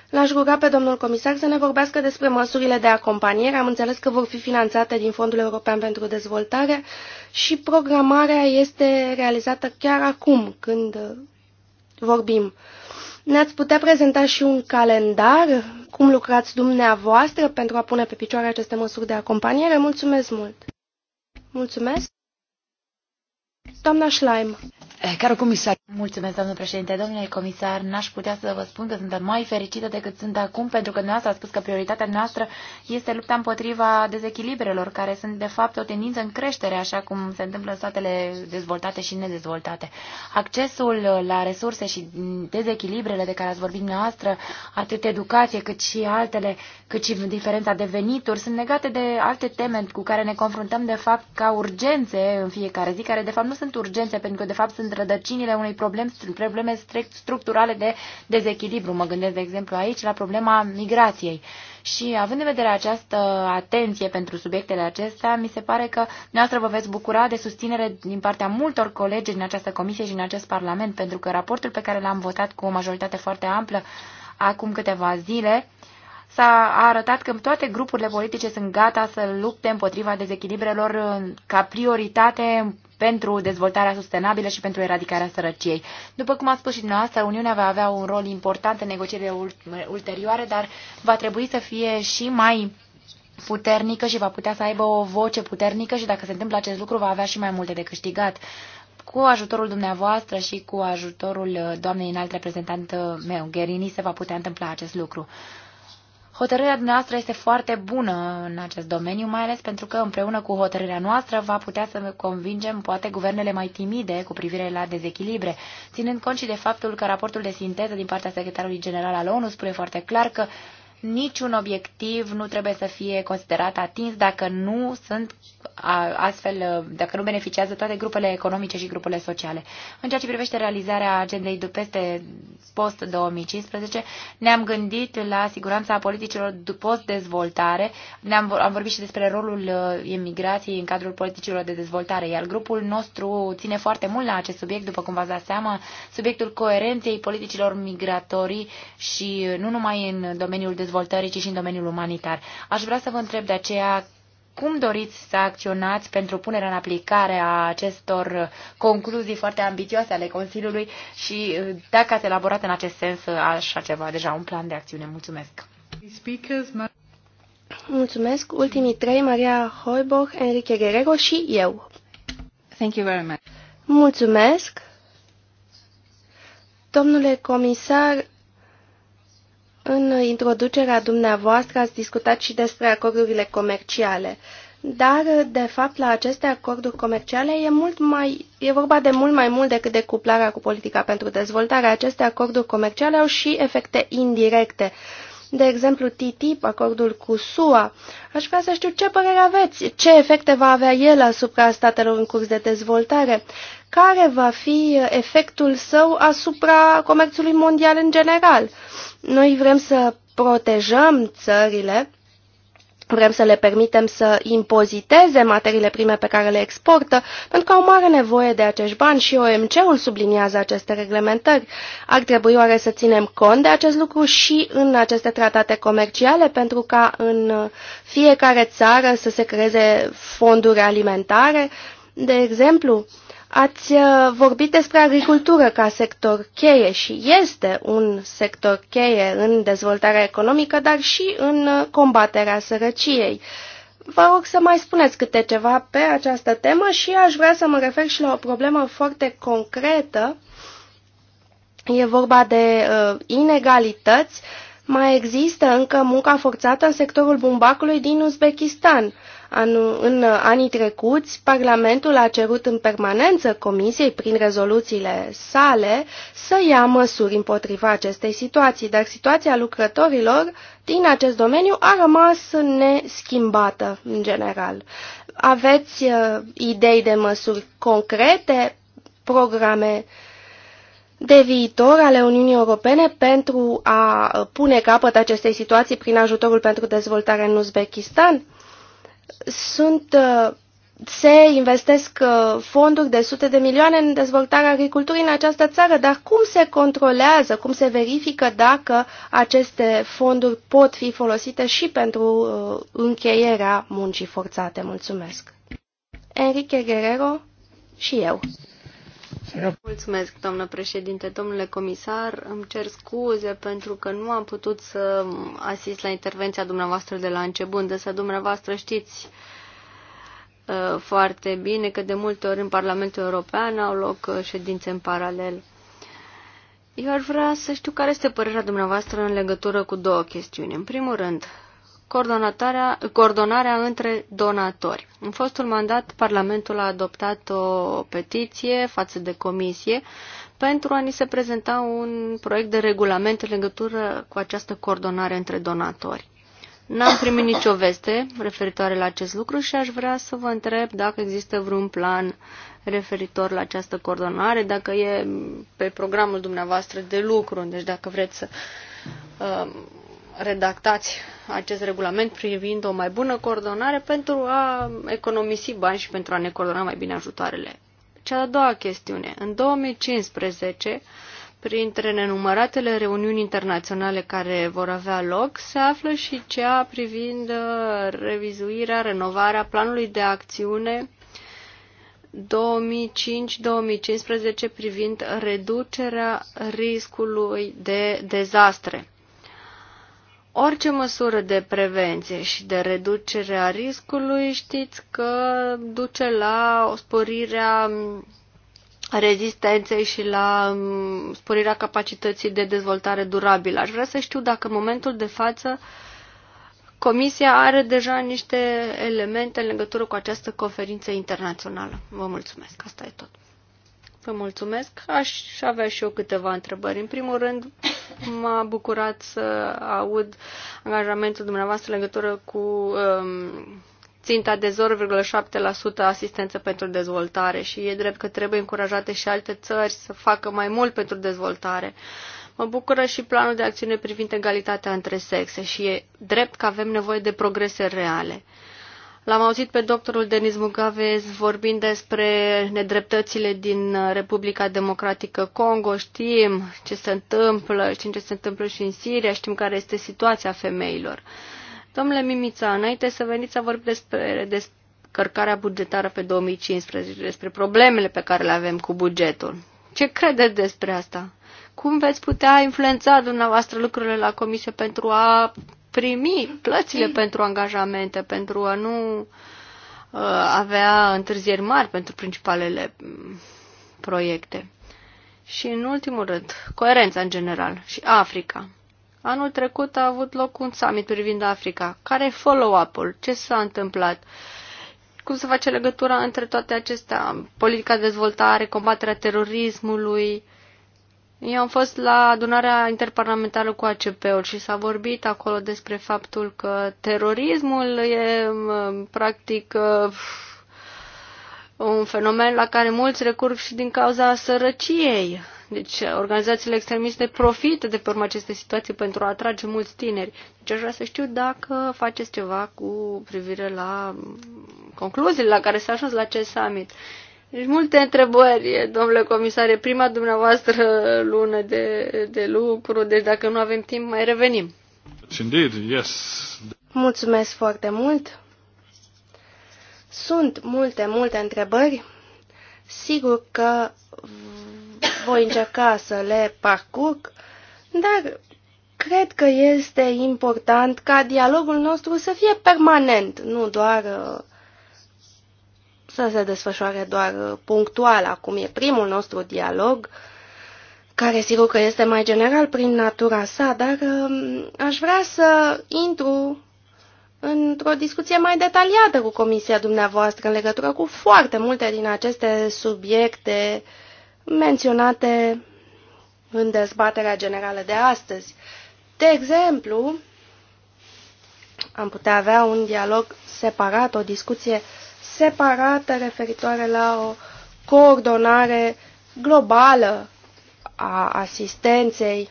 B: L-aș ruga pe domnul comisar să ne vorbească despre măsurile de acompaniere. Am înțeles că vor fi finanțate din Fondul European pentru Dezvoltare și programarea este realizată chiar acum, când vorbim. Ne-ați putea prezenta și un calendar? Cum lucrați dumneavoastră pentru a pune pe picioare aceste măsuri de acompaniere? Mulțumesc mult!
A: Mulțumesc! Doamna Schleim. Eh, caro comisar. Mulțumesc, domnul președinte. Domnule comisar, n-aș putea să vă spun că sunt mai fericită decât sunt acum, pentru că dumneavoastră a spus că prioritatea noastră este lupta împotriva dezechilibrelor, care sunt, de fapt, o tendință în creștere, așa cum se întâmplă în statele dezvoltate și nedezvoltate. Accesul la resurse și dezechilibrele de care ați vorbit dumneavoastră, atât educație cât și altele, cât și diferența de venituri, sunt legate de alte teme cu care ne confruntăm, de fapt, ca urgențe în fiecare zi, care, de fapt, nu sunt urgențe, pentru că, de fapt, sunt sunt rădăcinile unei probleme, probleme strict structurale de dezechilibru. Mă gândesc, de exemplu, aici la problema migrației. Și având în vedere această atenție pentru subiectele acestea, mi se pare că noastră vă veți bucura de susținere din partea multor colegi din această comisie și din acest parlament, pentru că raportul pe care l-am votat cu o majoritate foarte amplă acum câteva zile, s-a arătat că toate grupurile politice sunt gata să lupte împotriva dezechilibrelor ca prioritate pentru dezvoltarea sustenabilă și pentru eradicarea sărăciei. După cum a spus și dumneavoastră, Uniunea va avea un rol important în negocierile ulterioare, dar va trebui să fie și mai puternică și va putea să aibă o voce puternică și dacă se întâmplă acest lucru va avea și mai multe de câștigat. Cu ajutorul dumneavoastră și cu ajutorul doamnei înalt reprezentant uh, meu, Gherini, se va putea întâmpla acest lucru. Hotărârea noastră este foarte bună în acest domeniu, mai ales pentru că împreună cu hotărârea noastră va putea să convingem poate guvernele mai timide cu privire la dezechilibre, ținând cont și de faptul că raportul de sinteză din partea secretarului general al ONU spune foarte clar că niciun obiectiv nu trebuie să fie considerat atins dacă nu sunt astfel, dacă nu beneficiază toate grupele economice și grupele sociale. În ceea ce privește realizarea agendei după peste post-2015, ne-am gândit la siguranța politicilor post-dezvoltare, ne-am, am vorbit și despre rolul imigrației uh, în cadrul politicilor de dezvoltare, iar grupul nostru ține foarte mult la acest subiect, după cum v-ați dat seama, subiectul coerenței politicilor migratorii și uh, nu numai în domeniul dezvoltării, dezvoltării, ci și în domeniul umanitar. Aș vrea să vă întreb de aceea cum doriți să acționați pentru punerea în aplicare a acestor concluzii foarte ambițioase ale Consiliului și uh, dacă ați elaborat în acest sens uh, așa ceva, deja un plan de acțiune. Mulțumesc!
B: Mulțumesc! Ultimii trei, Maria Hoiboch, Enrique Guerrero și eu. Thank you very much. Mulțumesc! Domnule comisar, în introducerea dumneavoastră ați discutat și despre acordurile comerciale, dar, de fapt, la aceste acorduri comerciale e, mult mai, e vorba de mult mai mult decât de cuplarea cu politica pentru dezvoltare. Aceste acorduri comerciale au și efecte indirecte. De exemplu, TTIP, acordul cu SUA. Aș vrea să știu ce părere aveți, ce efecte va avea el asupra statelor în curs de dezvoltare, care va fi efectul său asupra comerțului mondial în general noi vrem să protejăm țările, vrem să le permitem să impoziteze materiile prime pe care le exportă, pentru că au mare nevoie de acești bani și OMC-ul subliniază aceste reglementări. Ar trebui oare să ținem cont de acest lucru și în aceste tratate comerciale, pentru ca în fiecare țară să se creeze fonduri alimentare, de exemplu, Ați uh, vorbit despre agricultură ca sector cheie și este un sector cheie în dezvoltarea economică, dar și în uh, combaterea sărăciei. Vă rog să mai spuneți câte ceva pe această temă și aș vrea să mă refer și la o problemă foarte concretă. E vorba de uh, inegalități. Mai există încă munca forțată în sectorul bumbacului din Uzbekistan în anii trecuți, Parlamentul a cerut în permanență Comisiei, prin rezoluțiile sale, să ia măsuri împotriva acestei situații, dar situația lucrătorilor din acest domeniu a rămas neschimbată, în general. Aveți uh, idei de măsuri concrete, programe de viitor ale Uniunii Europene pentru a pune capăt acestei situații prin ajutorul pentru dezvoltare în Uzbekistan? sunt, uh, se investesc uh, fonduri de sute de milioane în dezvoltarea agriculturii în această țară, dar cum se controlează, cum se verifică dacă aceste fonduri pot fi folosite și pentru uh, încheierea muncii forțate? Mulțumesc! Enrique Guerrero și eu.
C: Mulțumesc, doamnă președinte. Domnule comisar, îmi cer scuze pentru că nu am putut să asist la intervenția dumneavoastră de la început, însă dumneavoastră știți uh, foarte bine că de multe ori în Parlamentul European au loc uh, ședințe în paralel. Eu ar vrea să știu care este părerea dumneavoastră în legătură cu două chestiuni. În primul rând, coordonarea, coordonarea între donatori. În fostul mandat, Parlamentul a adoptat o petiție față de comisie pentru a ni se prezenta un proiect de regulament în legătură cu această coordonare între donatori. N-am primit nicio veste referitoare la acest lucru și aș vrea să vă întreb dacă există vreun plan referitor la această coordonare, dacă e pe programul dumneavoastră de lucru, deci dacă vreți să uh, redactați acest regulament privind o mai bună coordonare pentru a economisi bani și pentru a ne coordona mai bine ajutoarele. Cea de-a doua chestiune. În 2015, printre nenumăratele reuniuni internaționale care vor avea loc, se află și cea privind uh, revizuirea, renovarea planului de acțiune 2005-2015 privind reducerea riscului de dezastre orice măsură de prevenție și de reducere a riscului știți că duce la o sporirea rezistenței și la mm, sporirea capacității de dezvoltare durabilă. Aș vrea să știu dacă în momentul de față Comisia are deja niște elemente în legătură cu această conferință internațională. Vă mulțumesc. Asta e tot. Vă mulțumesc. Aș avea și eu câteva întrebări. În primul rând, m-a bucurat să aud angajamentul dumneavoastră în legătură cu um, ținta de 0,7% asistență pentru dezvoltare și e drept că trebuie încurajate și alte țări să facă mai mult pentru dezvoltare. Mă bucură și planul de acțiune privind egalitatea între sexe și e drept că avem nevoie de progrese reale. Uh, L-am auzit pe doctorul Denis Mugabe vorbind despre nedreptățile din Republica Democratică Congo. Știm ce se întâmplă, știm ce se întâmplă și în Siria, știm care este situația femeilor. Domnule Mimița, înainte să veniți să vorbim despre, despre cărcarea bugetară pe 2015, despre problemele pe care le avem cu bugetul. Ce credeți despre asta? Cum veți putea influența dumneavoastră lucrurile la comisie pentru a primi plățile pentru angajamente, pentru a nu uh, avea întârzieri mari pentru principalele mm, proiecte. Și în ultimul rând, coerența în general și Africa. Anul trecut a avut loc un summit privind Africa. Care e follow-up-ul? Ce s-a întâmplat? Cum se face legătura între toate acestea? Politica de dezvoltare, combaterea terorismului, uh, eu am fost la adunarea interparlamentară cu ACP-ul și s-a vorbit acolo despre faptul că terorismul e practic uh, un fenomen la care mulți recurg și din cauza sărăciei. Deci organizațiile extremiste profită de pe urma aceste situații pentru a atrage mulți tineri. Deci aș vrea să știu dacă faceți ceva cu privire la concluziile la care s-a ajuns la acest summit. Deci multe întrebări, domnule comisar, prima dumneavoastră lună de, de lucru, deci dacă nu avem timp, mai revenim. Indeed, yes.
B: Mulțumesc foarte mult. Sunt multe, multe întrebări. Sigur că voi încerca să le parcurg, dar cred că este important ca dialogul nostru să fie permanent, nu doar uh, să se desfășoare doar uh, punctual. Acum e primul nostru dialog, care sigur că este mai general prin natura sa, dar um, aș vrea să intru într-o discuție mai detaliată cu comisia dumneavoastră în legătură cu foarte multe din aceste subiecte menționate în dezbaterea generală de astăzi. De exemplu, am putea avea un dialog separat, o discuție separată referitoare la o coordonare globală a asistenței.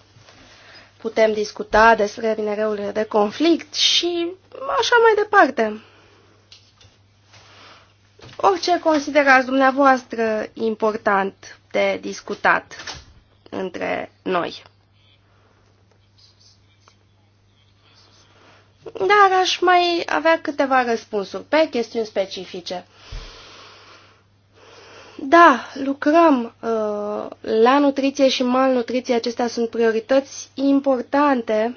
B: Putem discuta despre minereurile de conflict și așa mai departe. Orice considerați dumneavoastră important de discutat între noi. dar aș mai avea câteva răspunsuri pe chestiuni specifice. Da, lucrăm uh, la nutriție și malnutriție. Acestea sunt priorități importante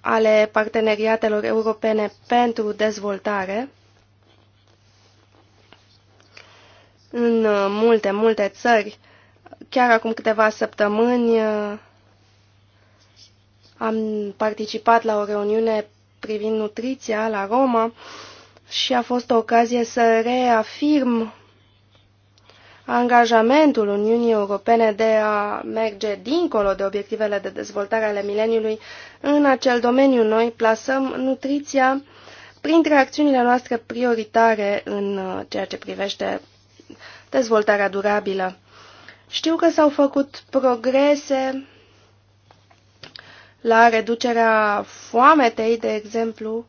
B: ale parteneriatelor europene pentru dezvoltare. În uh, multe, multe țări, chiar acum câteva săptămâni, uh, am participat la o reuniune privind nutriția la Roma și a fost o ocazie să reafirm angajamentul Uniunii Europene de a merge dincolo de obiectivele de dezvoltare ale mileniului în acel domeniu. Noi plasăm nutriția printre acțiunile noastre prioritare în ceea ce privește dezvoltarea durabilă. Știu că s-au făcut progrese la reducerea foametei, de exemplu,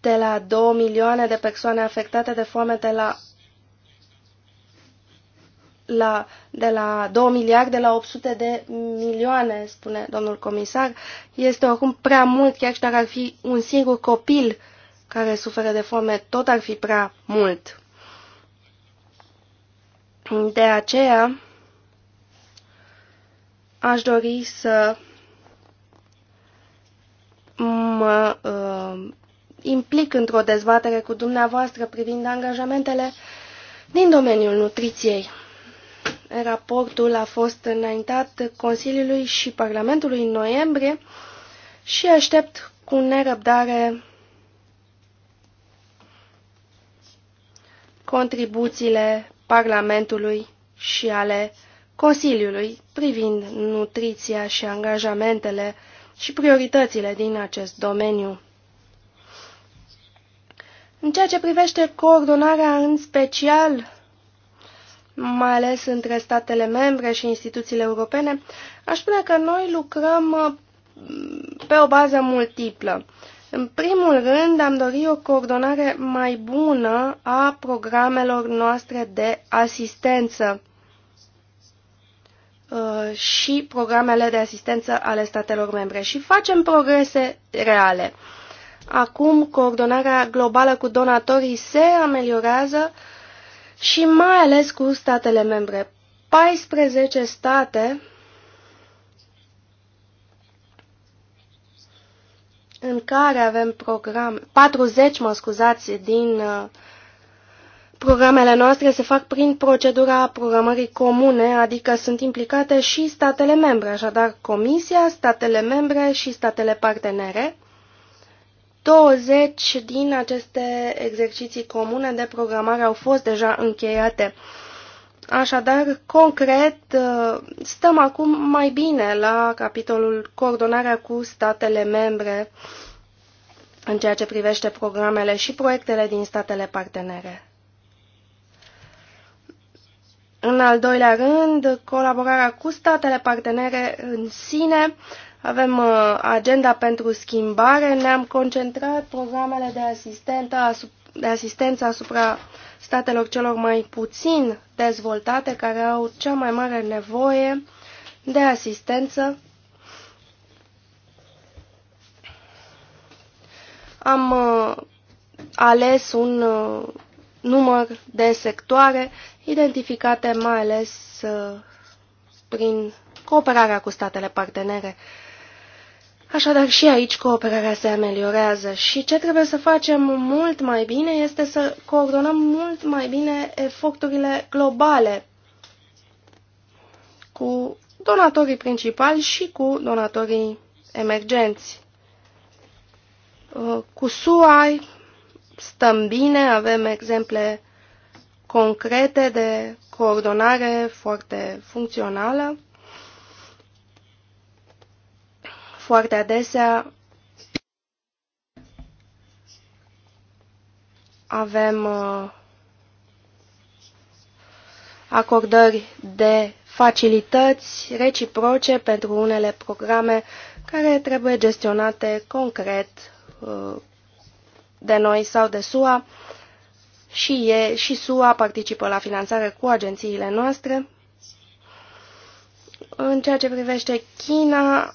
B: de la 2 milioane de persoane afectate de foamete la, la, de la 2 miliarde la 800 de milioane, spune domnul comisar, este oricum prea mult, chiar și dacă ar fi un singur copil care suferă de foame, tot ar fi prea mult. De aceea, aș dori să mă uh, implic într-o dezbatere cu dumneavoastră privind angajamentele din domeniul nutriției. Raportul a fost înaintat Consiliului și Parlamentului în noiembrie și aștept cu nerăbdare contribuțiile Parlamentului și ale Consiliului privind nutriția și angajamentele și prioritățile din acest domeniu. În ceea ce privește coordonarea în special, mai ales între statele membre și instituțiile europene, aș spune că noi lucrăm uh, pe o bază multiplă. În primul rând, am dorit o coordonare mai bună a programelor noastre de asistență Uh, și programele de asistență ale statelor membre și facem progrese reale. Acum coordonarea globală cu donatorii se ameliorează și mai ales cu statele membre. 14 state în care avem program, 40, mă scuzați, din uh, Programele noastre se fac prin procedura programării comune, adică sunt implicate și statele membre, așadar Comisia, statele membre și statele partenere. 20 din aceste exerciții comune de programare au fost deja încheiate. Așadar, concret, stăm acum mai bine la capitolul coordonarea cu statele membre în ceea ce privește programele și proiectele din statele partenere. În al doilea rând, colaborarea cu statele partenere în sine. Avem uh, agenda pentru schimbare. Ne-am concentrat programele de, de asistență asupra statelor celor mai puțin dezvoltate, care au cea mai mare nevoie de asistență. Am uh, ales un uh, număr de sectoare identificate mai ales uh, prin cooperarea cu statele partenere. Așadar, și aici cooperarea se ameliorează și ce trebuie să facem mult mai bine este să coordonăm mult mai bine eforturile globale cu donatorii principali și cu donatorii emergenți. Uh, cu SUA stăm bine, avem exemple concrete de coordonare foarte funcțională. Foarte adesea avem uh, acordări de facilități reciproce pentru unele programe care trebuie gestionate concret uh, de noi sau de SUA și, e, și SUA participă la finanțare cu agențiile noastre. În ceea ce privește China,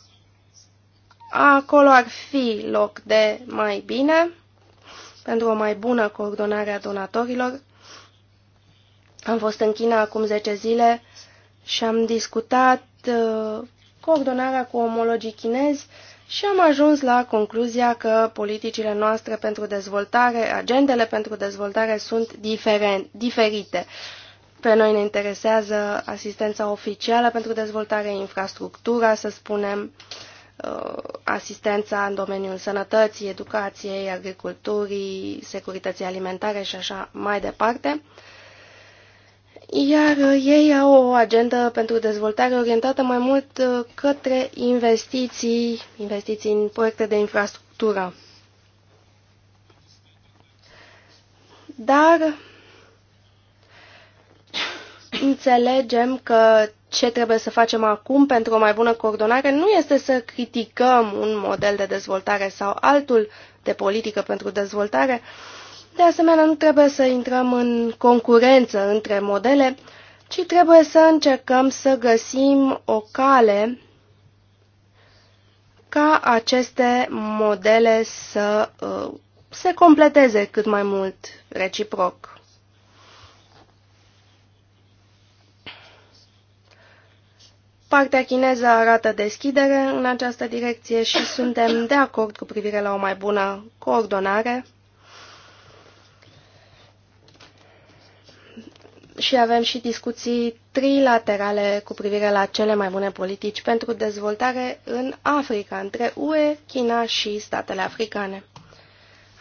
B: acolo ar fi loc de mai bine pentru o mai bună coordonare a donatorilor. Am fost în China acum 10 zile și am discutat uh, coordonarea cu omologii chinezi și am ajuns la concluzia că politicile noastre pentru dezvoltare, agendele pentru dezvoltare sunt diferent, diferite. Pe noi ne interesează asistența oficială pentru dezvoltare, infrastructura, să spunem, uh, asistența în domeniul sănătății, educației, agriculturii, securității alimentare și așa mai departe iar uh, ei au o agendă pentru dezvoltare orientată mai mult uh, către investiții, investiții în proiecte de infrastructură. Dar înțelegem că ce trebuie să facem acum pentru o mai bună coordonare nu este să criticăm un model de dezvoltare sau altul de politică pentru dezvoltare, uh, de asemenea, nu trebuie să intrăm în concurență între modele, ci trebuie să încercăm să găsim o cale ca aceste modele să uh, se completeze cât mai mult reciproc. Partea chineză arată deschidere în această direcție și suntem de acord cu privire la o mai bună coordonare și avem și discuții trilaterale cu privire la cele mai bune politici pentru dezvoltare în Africa, între UE, China și statele africane.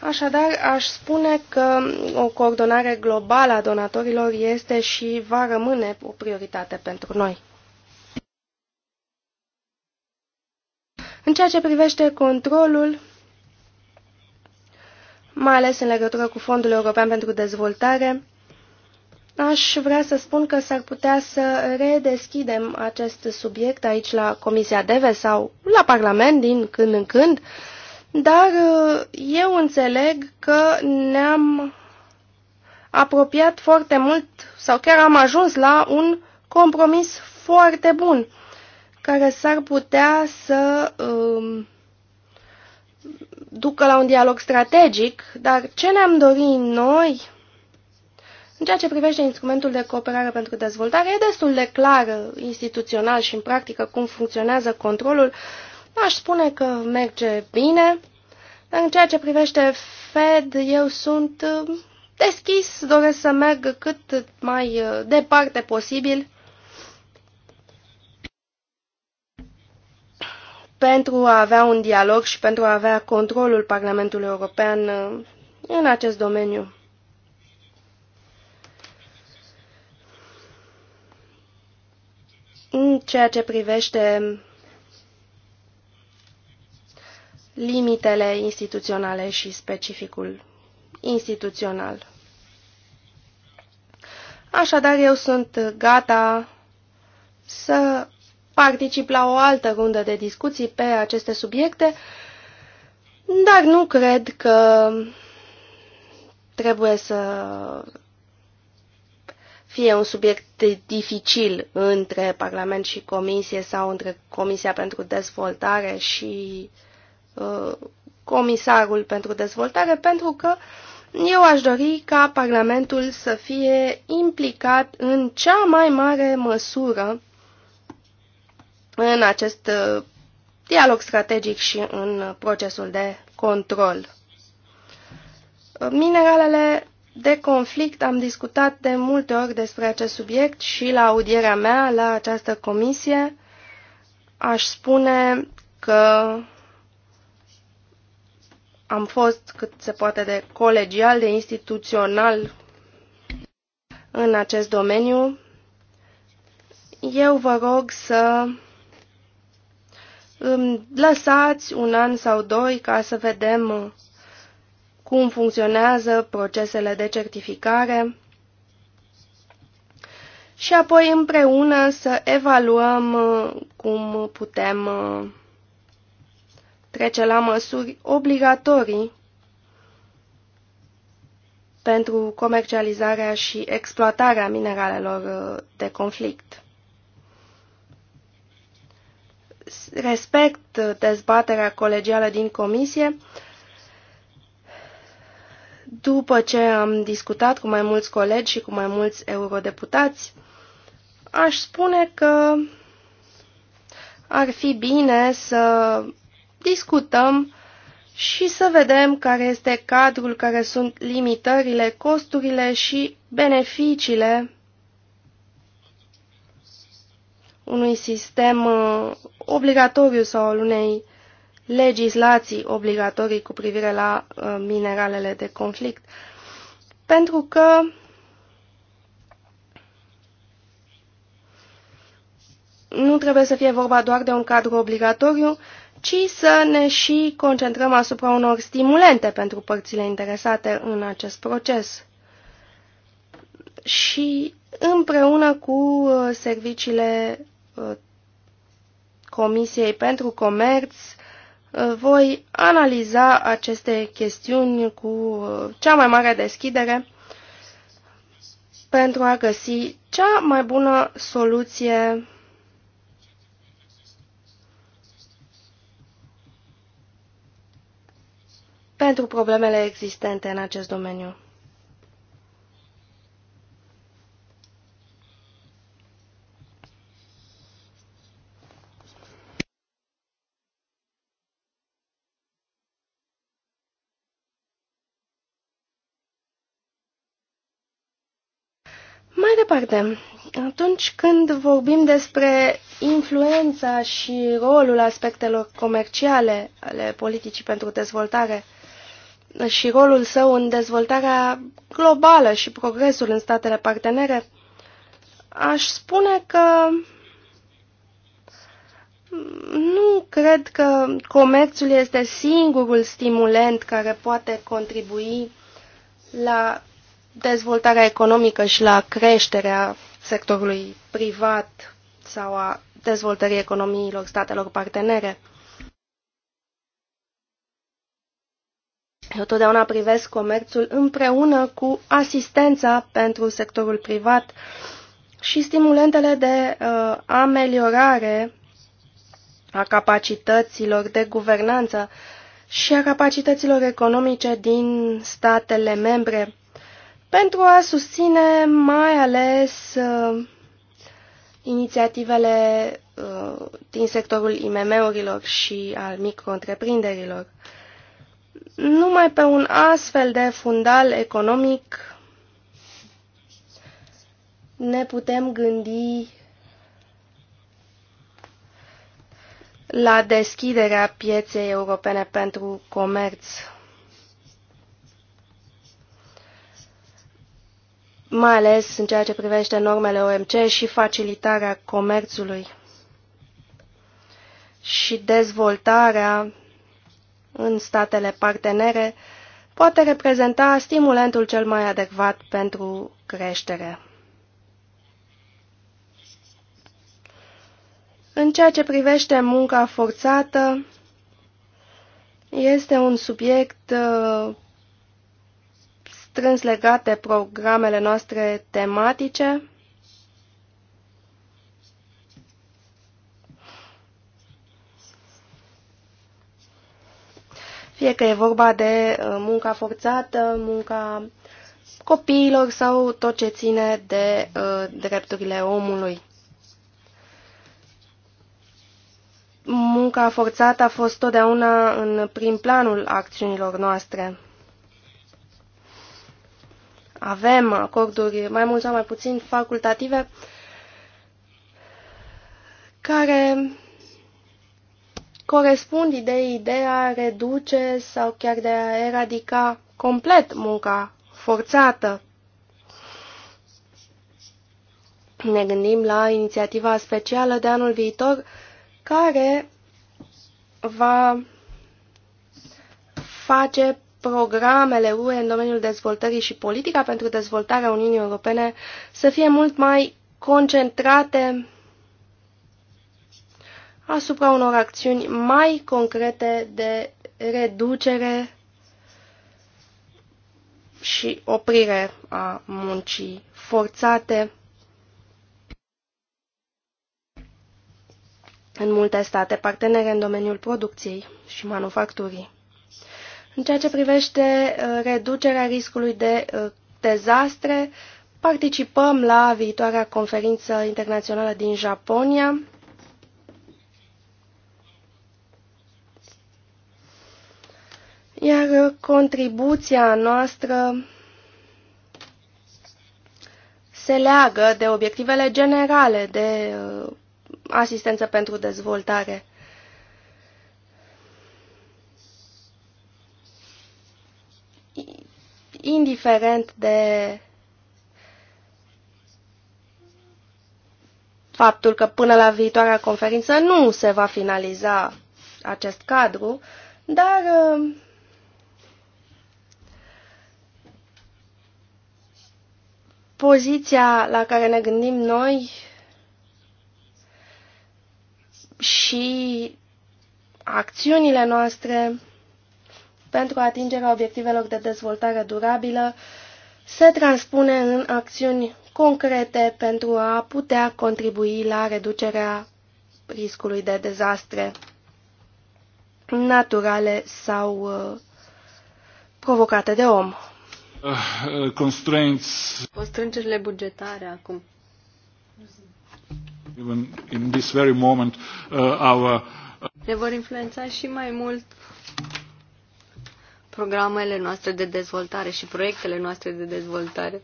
B: Așadar, aș spune că o coordonare globală a donatorilor este și va rămâne o prioritate pentru noi. În ceea ce privește controlul, mai ales în legătură cu Fondul European pentru Dezvoltare, Aș vrea să spun că s-ar putea să redeschidem acest subiect aici la Comisia DEVE sau la Parlament din când în când, dar uh, eu înțeleg că ne-am apropiat foarte mult sau chiar am ajuns la un compromis foarte bun care s-ar putea să um, ducă la un dialog strategic, dar ce ne-am dorit noi în ceea ce privește instrumentul de cooperare pentru dezvoltare, e destul de clar uh, instituțional și în practică cum funcționează controlul. Aș spune că merge bine. Dar în ceea ce privește Fed, eu sunt uh, deschis, doresc să merg cât mai uh, departe posibil pentru a avea un dialog și pentru a avea controlul Parlamentului European în acest domeniu. În ceea ce privește limitele instituționale și specificul instituțional. Așadar, eu sunt gata să particip la o altă rundă de discuții pe aceste subiecte, dar nu cred că trebuie să fie un subiect dificil între Parlament și Comisie sau între Comisia pentru Dezvoltare și uh, Comisarul pentru Dezvoltare, pentru că eu aș dori ca Parlamentul să fie implicat în cea mai mare măsură în acest uh, dialog strategic și în procesul de control. Mineralele de conflict am discutat de multe ori despre acest subiect și la audierea mea la această comisie aș spune că am fost cât se poate de colegial, de instituțional în acest domeniu. Eu vă rog să lăsați un an sau doi ca să vedem cum funcționează procesele de certificare și apoi împreună să evaluăm uh, cum putem uh, trece la măsuri obligatorii pentru comercializarea și exploatarea mineralelor uh, de conflict. Respect dezbaterea colegială din comisie, după ce am discutat cu mai mulți colegi și cu mai mulți eurodeputați, aș spune că ar fi bine să discutăm și să vedem care este cadrul, care sunt limitările, costurile și beneficiile unui sistem uh, obligatoriu sau al unei legislații obligatorii cu privire la uh, mineralele de conflict. Pentru că nu trebuie să fie vorba doar de un cadru obligatoriu, ci să ne și concentrăm asupra unor stimulente pentru părțile interesate în acest proces. Și împreună cu uh, serviciile uh, Comisiei pentru Comerț, Uh, voi analiza aceste chestiuni cu uh, cea mai mare deschidere pentru a găsi cea mai bună soluție pentru problemele existente în acest domeniu. Mai departe, atunci când vorbim despre influența și rolul aspectelor comerciale ale politicii pentru dezvoltare și rolul său în dezvoltarea globală și progresul în statele partenere, aș spune că nu cred că comerțul este singurul stimulent care poate contribui la dezvoltarea economică și la creșterea sectorului privat sau a dezvoltării economiilor statelor partenere. Eu totdeauna privesc comerțul împreună cu asistența pentru sectorul privat și stimulentele de uh, ameliorare a capacităților de guvernanță și a capacităților economice din statele membre pentru a susține mai ales uh, inițiativele uh, din sectorul IMM-urilor și al micro-întreprinderilor. Numai pe un astfel de fundal economic ne putem gândi la deschiderea pieței europene pentru comerț. mai ales în ceea ce privește normele OMC și facilitarea comerțului și dezvoltarea în statele partenere poate reprezenta stimulentul cel mai adecvat pentru creștere. În ceea ce privește munca forțată, este un subiect uh, strâns legat de programele noastre tematice. Fie că e vorba de uh, munca forțată, munca copiilor sau tot ce ține de uh, drepturile omului. Munca forțată a fost totdeauna în prim planul acțiunilor noastre avem acorduri mai mult sau mai puțin facultative care corespund ideii de a reduce sau chiar de a eradica complet munca forțată. Ne gândim la inițiativa specială de anul viitor care va face programele UE în domeniul dezvoltării și politica pentru dezvoltarea Uniunii Europene să fie mult mai concentrate asupra unor acțiuni mai concrete de reducere și oprire a muncii forțate în multe state partenere în domeniul producției și manufacturii. În ceea ce privește uh, reducerea riscului de uh, dezastre, participăm la viitoarea conferință internațională din Japonia. Iar uh, contribuția noastră se leagă de obiectivele generale de asistență pentru dezvoltare. indiferent de faptul că până la viitoarea conferință nu se va finaliza acest cadru, dar uh, poziția la care ne gândim noi și acțiunile noastre pentru atingerea obiectivelor de dezvoltare durabilă se transpune în acțiuni concrete pentru a putea contribui la reducerea riscului de dezastre naturale sau uh, provocate de om.
A: Ah, uh, constraints.
C: Constrângerile bugetare acum.
A: Even in this very moment, uh, our...
C: Uh, ne vor influența și mai mult programele noastre de dezvoltare și proiectele noastre de dezvoltare.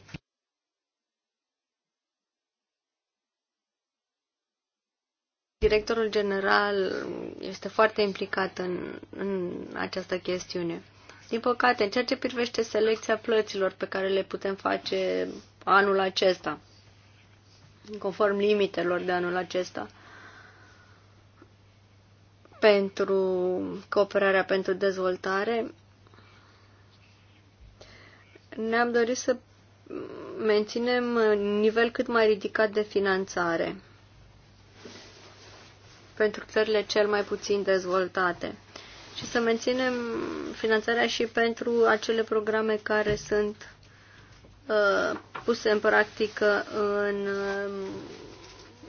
C: Directorul general este foarte implicat în, în această chestiune. Din păcate, în ceea ce privește selecția plăților pe care le putem face anul acesta, conform limitelor de anul acesta, pentru cooperarea pentru dezvoltare, ne-am dorit să menținem nivel cât mai ridicat de finanțare pentru țările cel mai puțin dezvoltate și să menținem finanțarea și pentru acele programe care sunt uh, puse în practică în uh,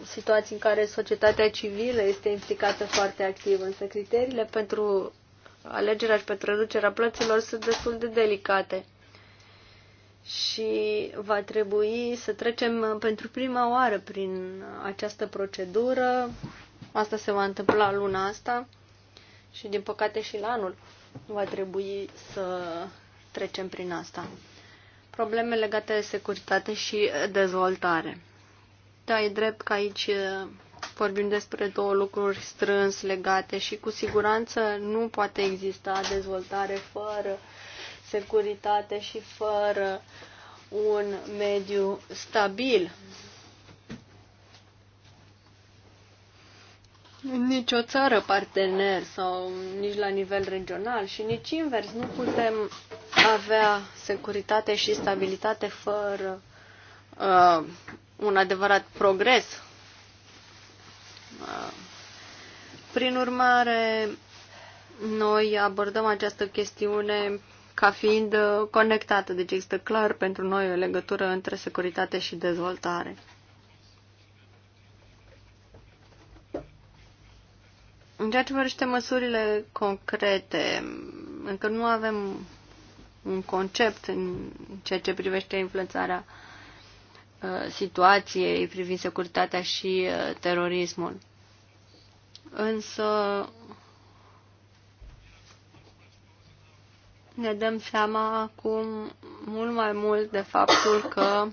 C: situații în care societatea civilă este implicată foarte activ, însă criteriile pentru alegerea și pentru reducerea plăților sunt destul de delicate și va trebui să trecem pentru prima oară prin această procedură. Asta se va întâmpla luna asta și din păcate și la anul va trebui să trecem prin asta. Probleme legate de securitate și dezvoltare. Da, e drept că aici vorbim despre două lucruri strâns legate și cu siguranță nu poate exista dezvoltare fără securitate și fără un mediu stabil. Nici o țară partener sau nici la nivel regional și nici invers. Nu putem avea securitate și stabilitate fără uh, un adevărat progres. Uh, prin urmare, noi abordăm această chestiune ca fiind uh, conectată, deci există clar pentru noi o legătură între securitate și dezvoltare. În ceea ce privește măsurile concrete, încă nu avem un concept în ceea ce privește influențarea uh, situației privind securitatea și uh, terorismul. Însă ne dăm seama acum mult mai mult de faptul că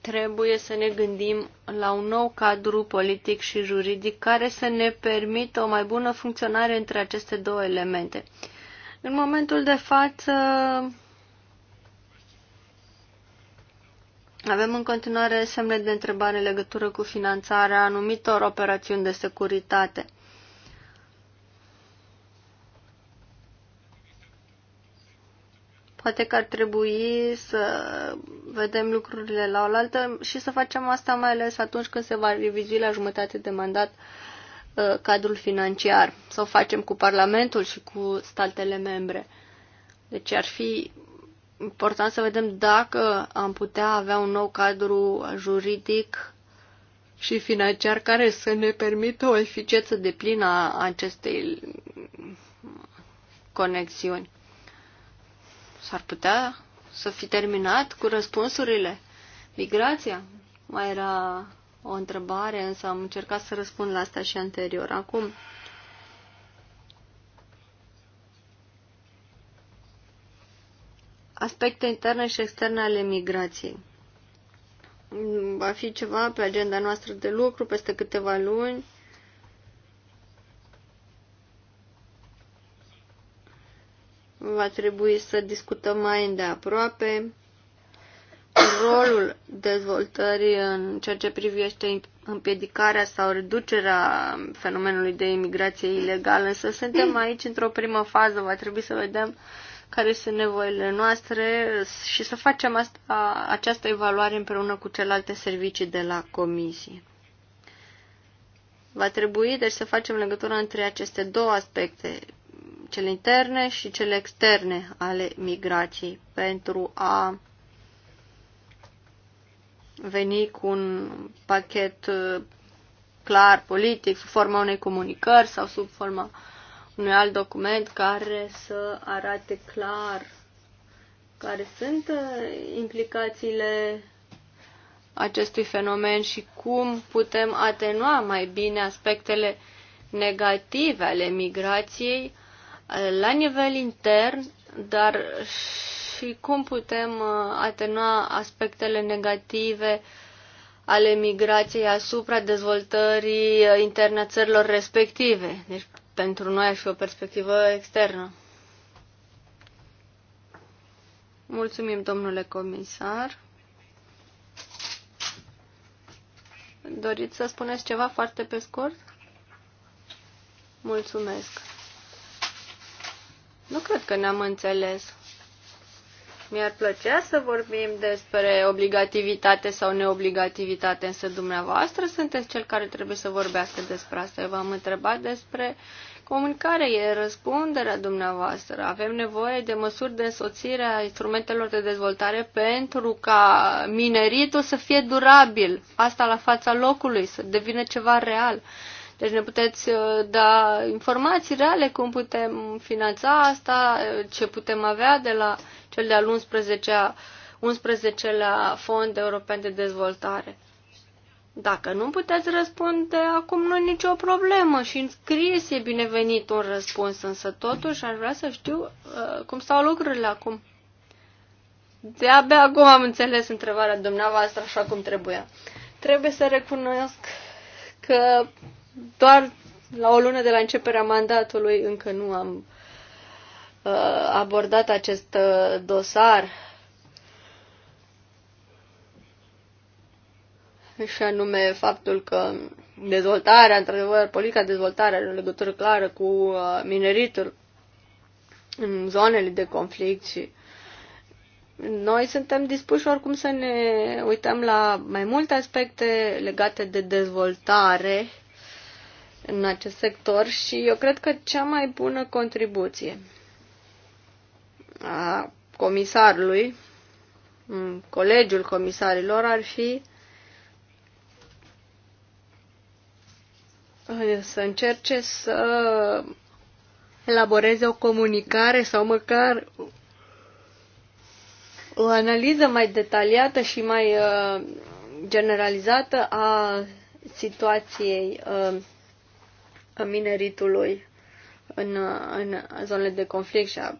C: trebuie să ne gândim la un nou cadru politic și juridic care să ne permită o mai bună funcționare între aceste două elemente. În momentul de față avem în continuare semne de întrebare în legătură cu finanțarea anumitor operațiuni de securitate – Poate că ar trebui să vedem lucrurile la oaltă și să facem asta mai ales atunci când se va revizui la jumătate de mandat uh, cadrul financiar. Să o facem cu Parlamentul și cu statele membre. Deci ar fi important să vedem dacă am putea avea un nou cadru juridic și financiar care să ne permită o eficiență de plină a acestei conexiuni. S-ar putea să fi terminat cu răspunsurile? Migrația? Mai era o întrebare, însă am încercat să răspund la asta și anterior. Acum, aspecte interne și externe ale migrației. Va fi ceva pe agenda noastră de lucru peste câteva luni. va trebui să discutăm mai îndeaproape rolul dezvoltării în ceea ce privește împiedicarea sau reducerea fenomenului de imigrație ilegală, însă suntem aici într-o primă fază, va trebui să vedem care sunt nevoile noastre și să facem asta, această evaluare împreună cu celelalte servicii de la comisie. Va trebui, deci, să facem legătura între aceste două aspecte, cele interne și cele externe ale migrației pentru a veni cu un pachet uh, clar politic sub forma unei comunicări sau sub forma unui alt document care să arate clar care sunt uh, implicațiile acestui fenomen și cum putem atenua mai bine aspectele negative ale migrației la nivel intern, dar și cum putem uh, atenua aspectele negative ale migrației asupra dezvoltării uh, interne a țărilor respective. Deci pentru noi ar fi o perspectivă externă. Mulțumim, domnule comisar. Doriți să spuneți ceva foarte pe scurt? Mulțumesc. Nu cred că ne-am înțeles. Mi-ar plăcea să vorbim despre obligativitate sau neobligativitate, însă dumneavoastră sunteți cel care trebuie să vorbească despre asta. Eu v-am întrebat despre comunicare, e răspunderea dumneavoastră. Avem nevoie de măsuri de însoțire a instrumentelor de dezvoltare pentru ca mineritul să fie durabil, asta la fața locului, să devină ceva real. Deci ne puteți uh, da informații reale cum putem finanța asta, uh, ce putem avea de la cel de-al 11-lea 11 la Fond European de Dezvoltare. Dacă nu puteți răspunde, acum nu e nicio problemă și în scris e binevenit un răspuns, însă totuși aș vrea să știu uh, cum stau lucrurile acum. De-abia acum am înțeles întrebarea dumneavoastră așa cum trebuia. Trebuie să recunosc că doar la o lună de la începerea mandatului încă nu am uh, abordat acest uh, dosar și anume faptul că dezvoltarea, într-adevăr, politica dezvoltare are o legătură clară cu uh, mineritul în zonele de conflict și noi suntem dispuși oricum să ne uităm la mai multe aspecte legate de dezvoltare în acest sector și eu cred că cea mai bună contribuție a comisarului, colegiul comisarilor ar fi uh, să încerce să elaboreze o comunicare sau măcar o analiză mai detaliată și mai uh, generalizată a situației uh, mineritului în, în zonele de conflict și a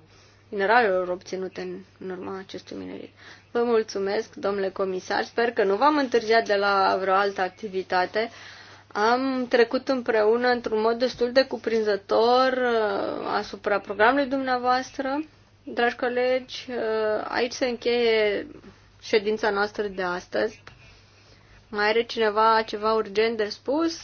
C: mineralelor obținute în, în urma acestui minerit. Vă mulțumesc, domnule comisar. Sper că nu v-am întârziat de la vreo altă activitate. Am trecut împreună într-un mod destul de cuprinzător uh, asupra programului dumneavoastră. Dragi colegi, uh, aici se încheie ședința noastră de astăzi. Mai are cineva ceva urgent de spus?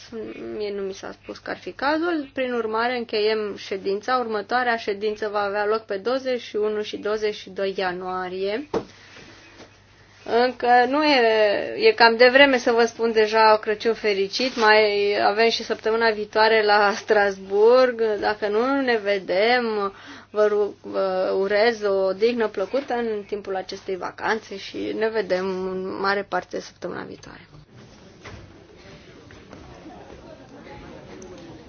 C: Mie nu mi s-a spus că ar fi cazul. Prin urmare, încheiem ședința. Următoarea ședință va avea loc pe 21 și 22 ianuarie. Încă nu e, e cam devreme să vă spun deja o Crăciun fericit. Mai avem și săptămâna viitoare la Strasburg. Dacă nu ne vedem, vă, vă urez o dignă plăcută în timpul acestei vacanțe și ne vedem în mare parte săptămâna viitoare.